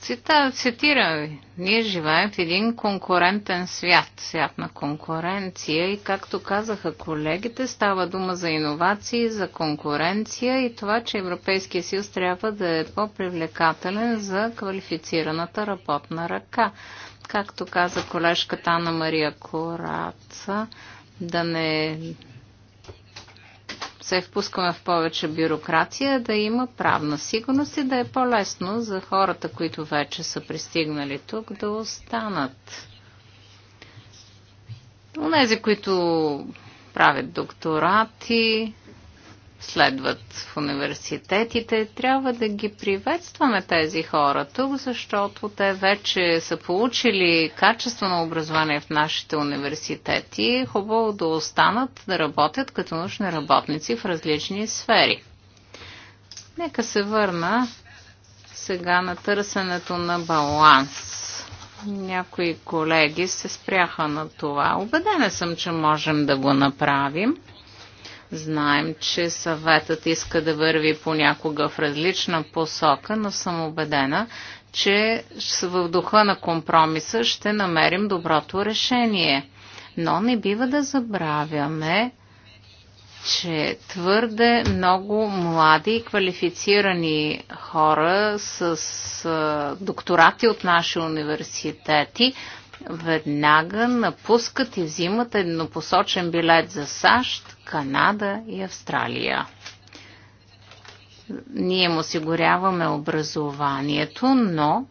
Цита, цитира ви. Ние живеем в един конкурентен свят, свят на конкуренция и както казаха колегите, става дума за иновации, за конкуренция и това, че Европейския съюз трябва да е по-привлекателен за квалифицираната работна ръка. Както каза колежката Анна Мария Кораца, да не се впускаме в повече бюрокрация, да има правна сигурност и да е по-лесно за хората, които вече са пристигнали тук, да останат. Онези, които правят докторати, следват в университетите. Трябва да ги приветстваме тези хора тук, защото те вече са получили качествено образование в нашите университети. Хубаво да останат да работят като научни работници в различни сфери. Нека се върна сега на търсенето на баланс. Някои колеги се спряха на това. Обедена съм, че можем да го направим. Знаем, че съветът иска да върви понякога в различна посока, но съм убедена, че в духа на компромиса ще намерим доброто решение. Но не бива да забравяме, че твърде много млади и квалифицирани хора с докторати от наши университети веднага напускат и взимат еднопосочен билет за САЩ, Канада и Австралия. Ние им осигуряваме образованието, но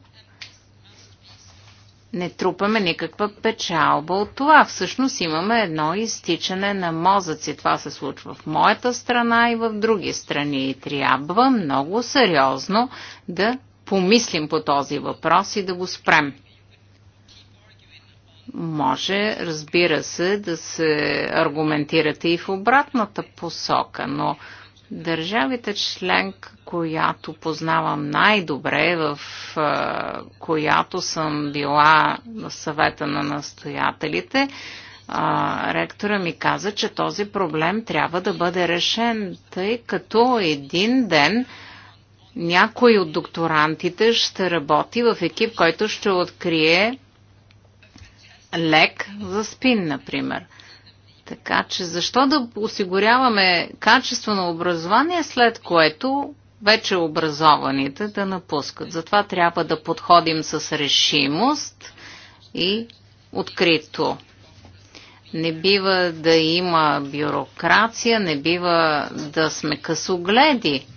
не трупаме никаква печалба от това. Всъщност имаме едно изтичане на мозъци. Това се случва в моята страна и в други страни. И трябва много сериозно да помислим по този въпрос и да го спрем. Може, разбира се, да се аргументирате и в обратната посока, но държавите член, която познавам най-добре, в която съм била на съвета на настоятелите, ректора ми каза, че този проблем трябва да бъде решен, тъй като един ден някой от докторантите ще работи в екип, който ще открие лек за спин, например. Така че защо да осигуряваме качество на образование, след което вече образованите да напускат? Затова трябва да подходим с решимост и открито. Не бива да има бюрокрация, не бива да сме късогледи.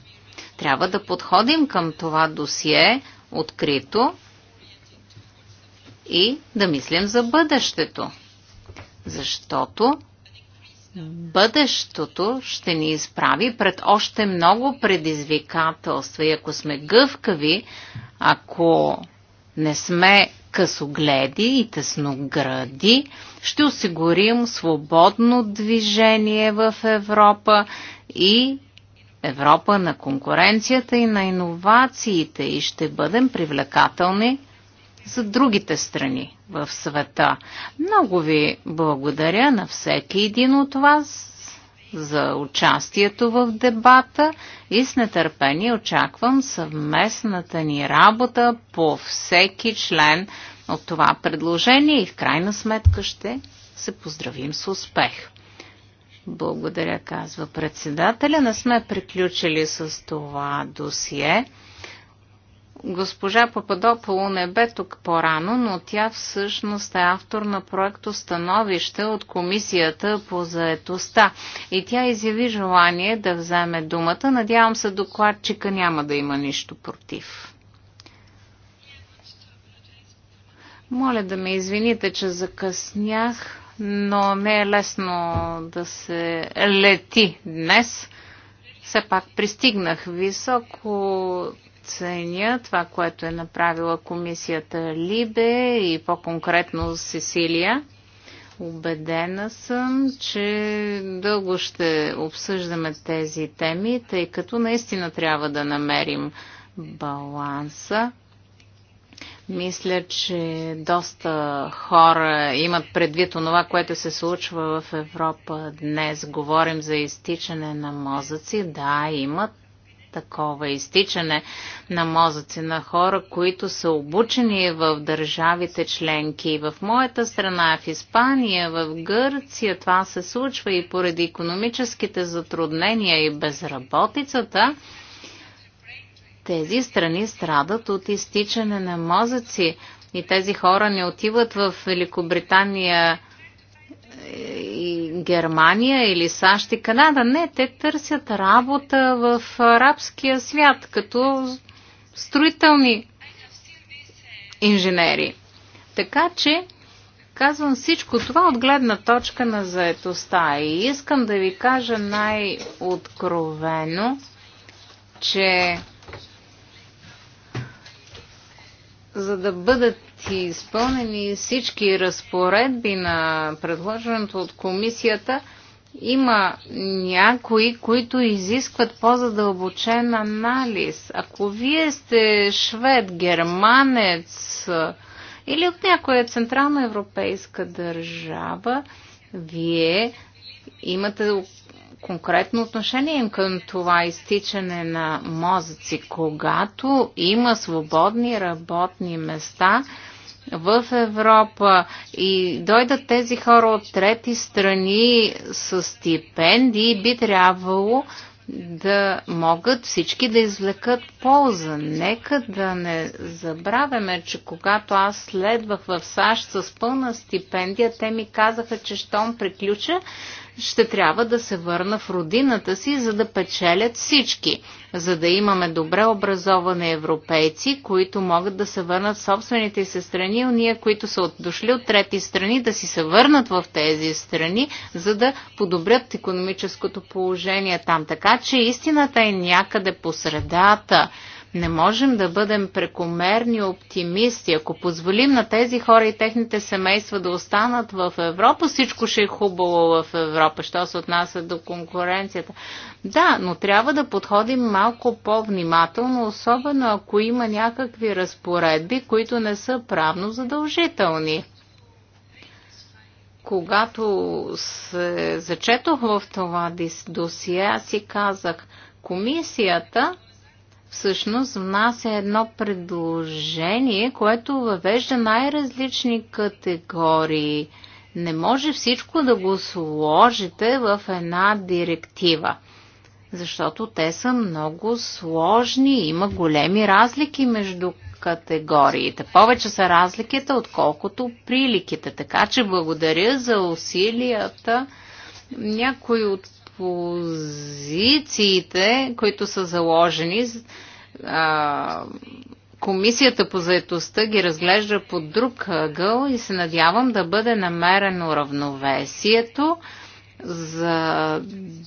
Трябва да подходим към това досие открито и да мислим за бъдещето. Защото бъдещето ще ни изправи пред още много предизвикателства и ако сме гъвкави, ако не сме късогледи и тесногради, ще осигурим свободно движение в Европа и Европа на конкуренцията и на иновациите и ще бъдем привлекателни за другите страни в света. Много ви благодаря на всеки един от вас за участието в дебата и с нетърпение очаквам съвместната ни работа по всеки член от това предложение и в крайна сметка ще се поздравим с успех. Благодаря, казва председателя. Не сме приключили с това досие. Госпожа Пападополо не бе тук по-рано, но тя всъщност е автор на проекто Становище от Комисията по заетостта и тя изяви желание да вземе думата. Надявам се докладчика няма да има нищо против. Моля да ме извините, че закъснях, но не е лесно да се лети днес. Все пак пристигнах високо ценя това, което е направила комисията Либе и по-конкретно Сесилия. Обедена съм, че дълго ще обсъждаме тези теми, тъй като наистина трябва да намерим баланса. Мисля, че доста хора имат предвид онова, което се случва в Европа днес. Говорим за изтичане на мозъци. Да, имат такова изтичане на мозъци на хора, които са обучени в държавите членки. В моята страна, в Испания, в Гърция това се случва и поради економическите затруднения и безработицата. Тези страни страдат от изтичане на мозъци и тези хора не отиват в Великобритания и Германия или САЩ и Канада. Не, те търсят работа в арабския свят като строителни инженери. Така че казвам всичко това от гледна точка на заетостта и искам да ви кажа най-откровено, че за да бъдат изпълнени всички разпоредби на предложеното от комисията, има някои, които изискват по-задълбочен анализ. Ако вие сте швед, германец или от някоя Централна европейска държава, вие имате конкретно отношение им към това изтичане на мозъци. Когато има свободни работни места, в Европа и дойдат тези хора от трети страни с стипендии, би трябвало да могат всички да извлекат полза. Нека да не забравяме, че когато аз следвах в САЩ с пълна стипендия, те ми казаха, че щом приключа, ще трябва да се върна в родината си, за да печелят всички, за да имаме добре образовани европейци, които могат да се върнат в собствените си страни и уния, които са дошли от трети страни, да си се върнат в тези страни, за да подобрят економическото положение там. Така че истината е някъде по средата. Не можем да бъдем прекомерни оптимисти. Ако позволим на тези хора и техните семейства да останат в Европа, всичко ще е хубаво в Европа, що се отнася до конкуренцията. Да, но трябва да подходим малко по-внимателно, особено ако има някакви разпоредби, които не са правно задължителни когато се зачетох в това досие, аз си казах, комисията всъщност внася едно предложение, което въвежда най-различни категории. Не може всичко да го сложите в една директива, защото те са много сложни, има големи разлики между категориите. Повече са разликите, отколкото приликите. Така че благодаря за усилията. Някои от позициите, които са заложени, а, Комисията по заедостта ги разглежда под друг ъгъл и се надявам да бъде намерено равновесието за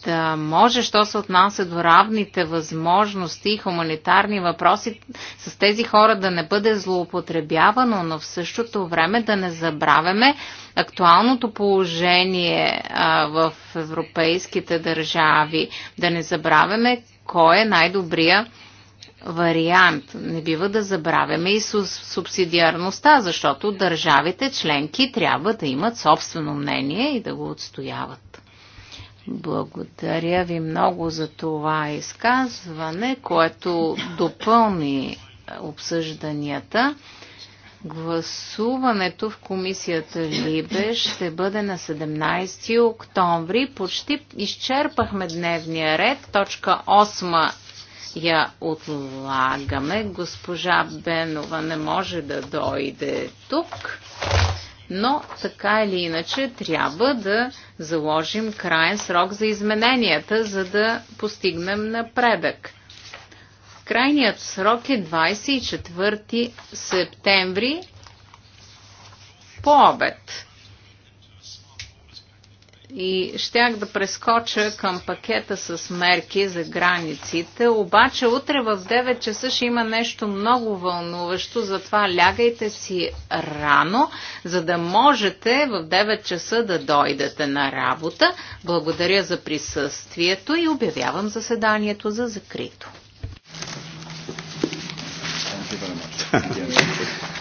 да може, що се отнася до равните възможности и хуманитарни въпроси, с тези хора да не бъде злоупотребявано, но в същото време да не забравяме актуалното положение а, в европейските държави, да не забравяме кой е най-добрия вариант. Не бива да забравяме и субсидиарността, защото държавите членки трябва да имат собствено мнение и да го отстояват. Благодаря ви много за това изказване, което допълни обсъжданията. Гласуването в комисията Либе ще бъде на 17 октомври. Почти изчерпахме дневния ред. Точка 8 я отлагаме. Госпожа Бенова не може да дойде тук но така или иначе трябва да заложим крайен срок за измененията, за да постигнем напредък. Крайният срок е 24 септември по обед и щях да прескоча към пакета с мерки за границите, обаче утре в 9 часа ще има нещо много вълнуващо, затова лягайте си рано, за да можете в 9 часа да дойдете на работа. Благодаря за присъствието и обявявам заседанието за закрито. Thank you very much.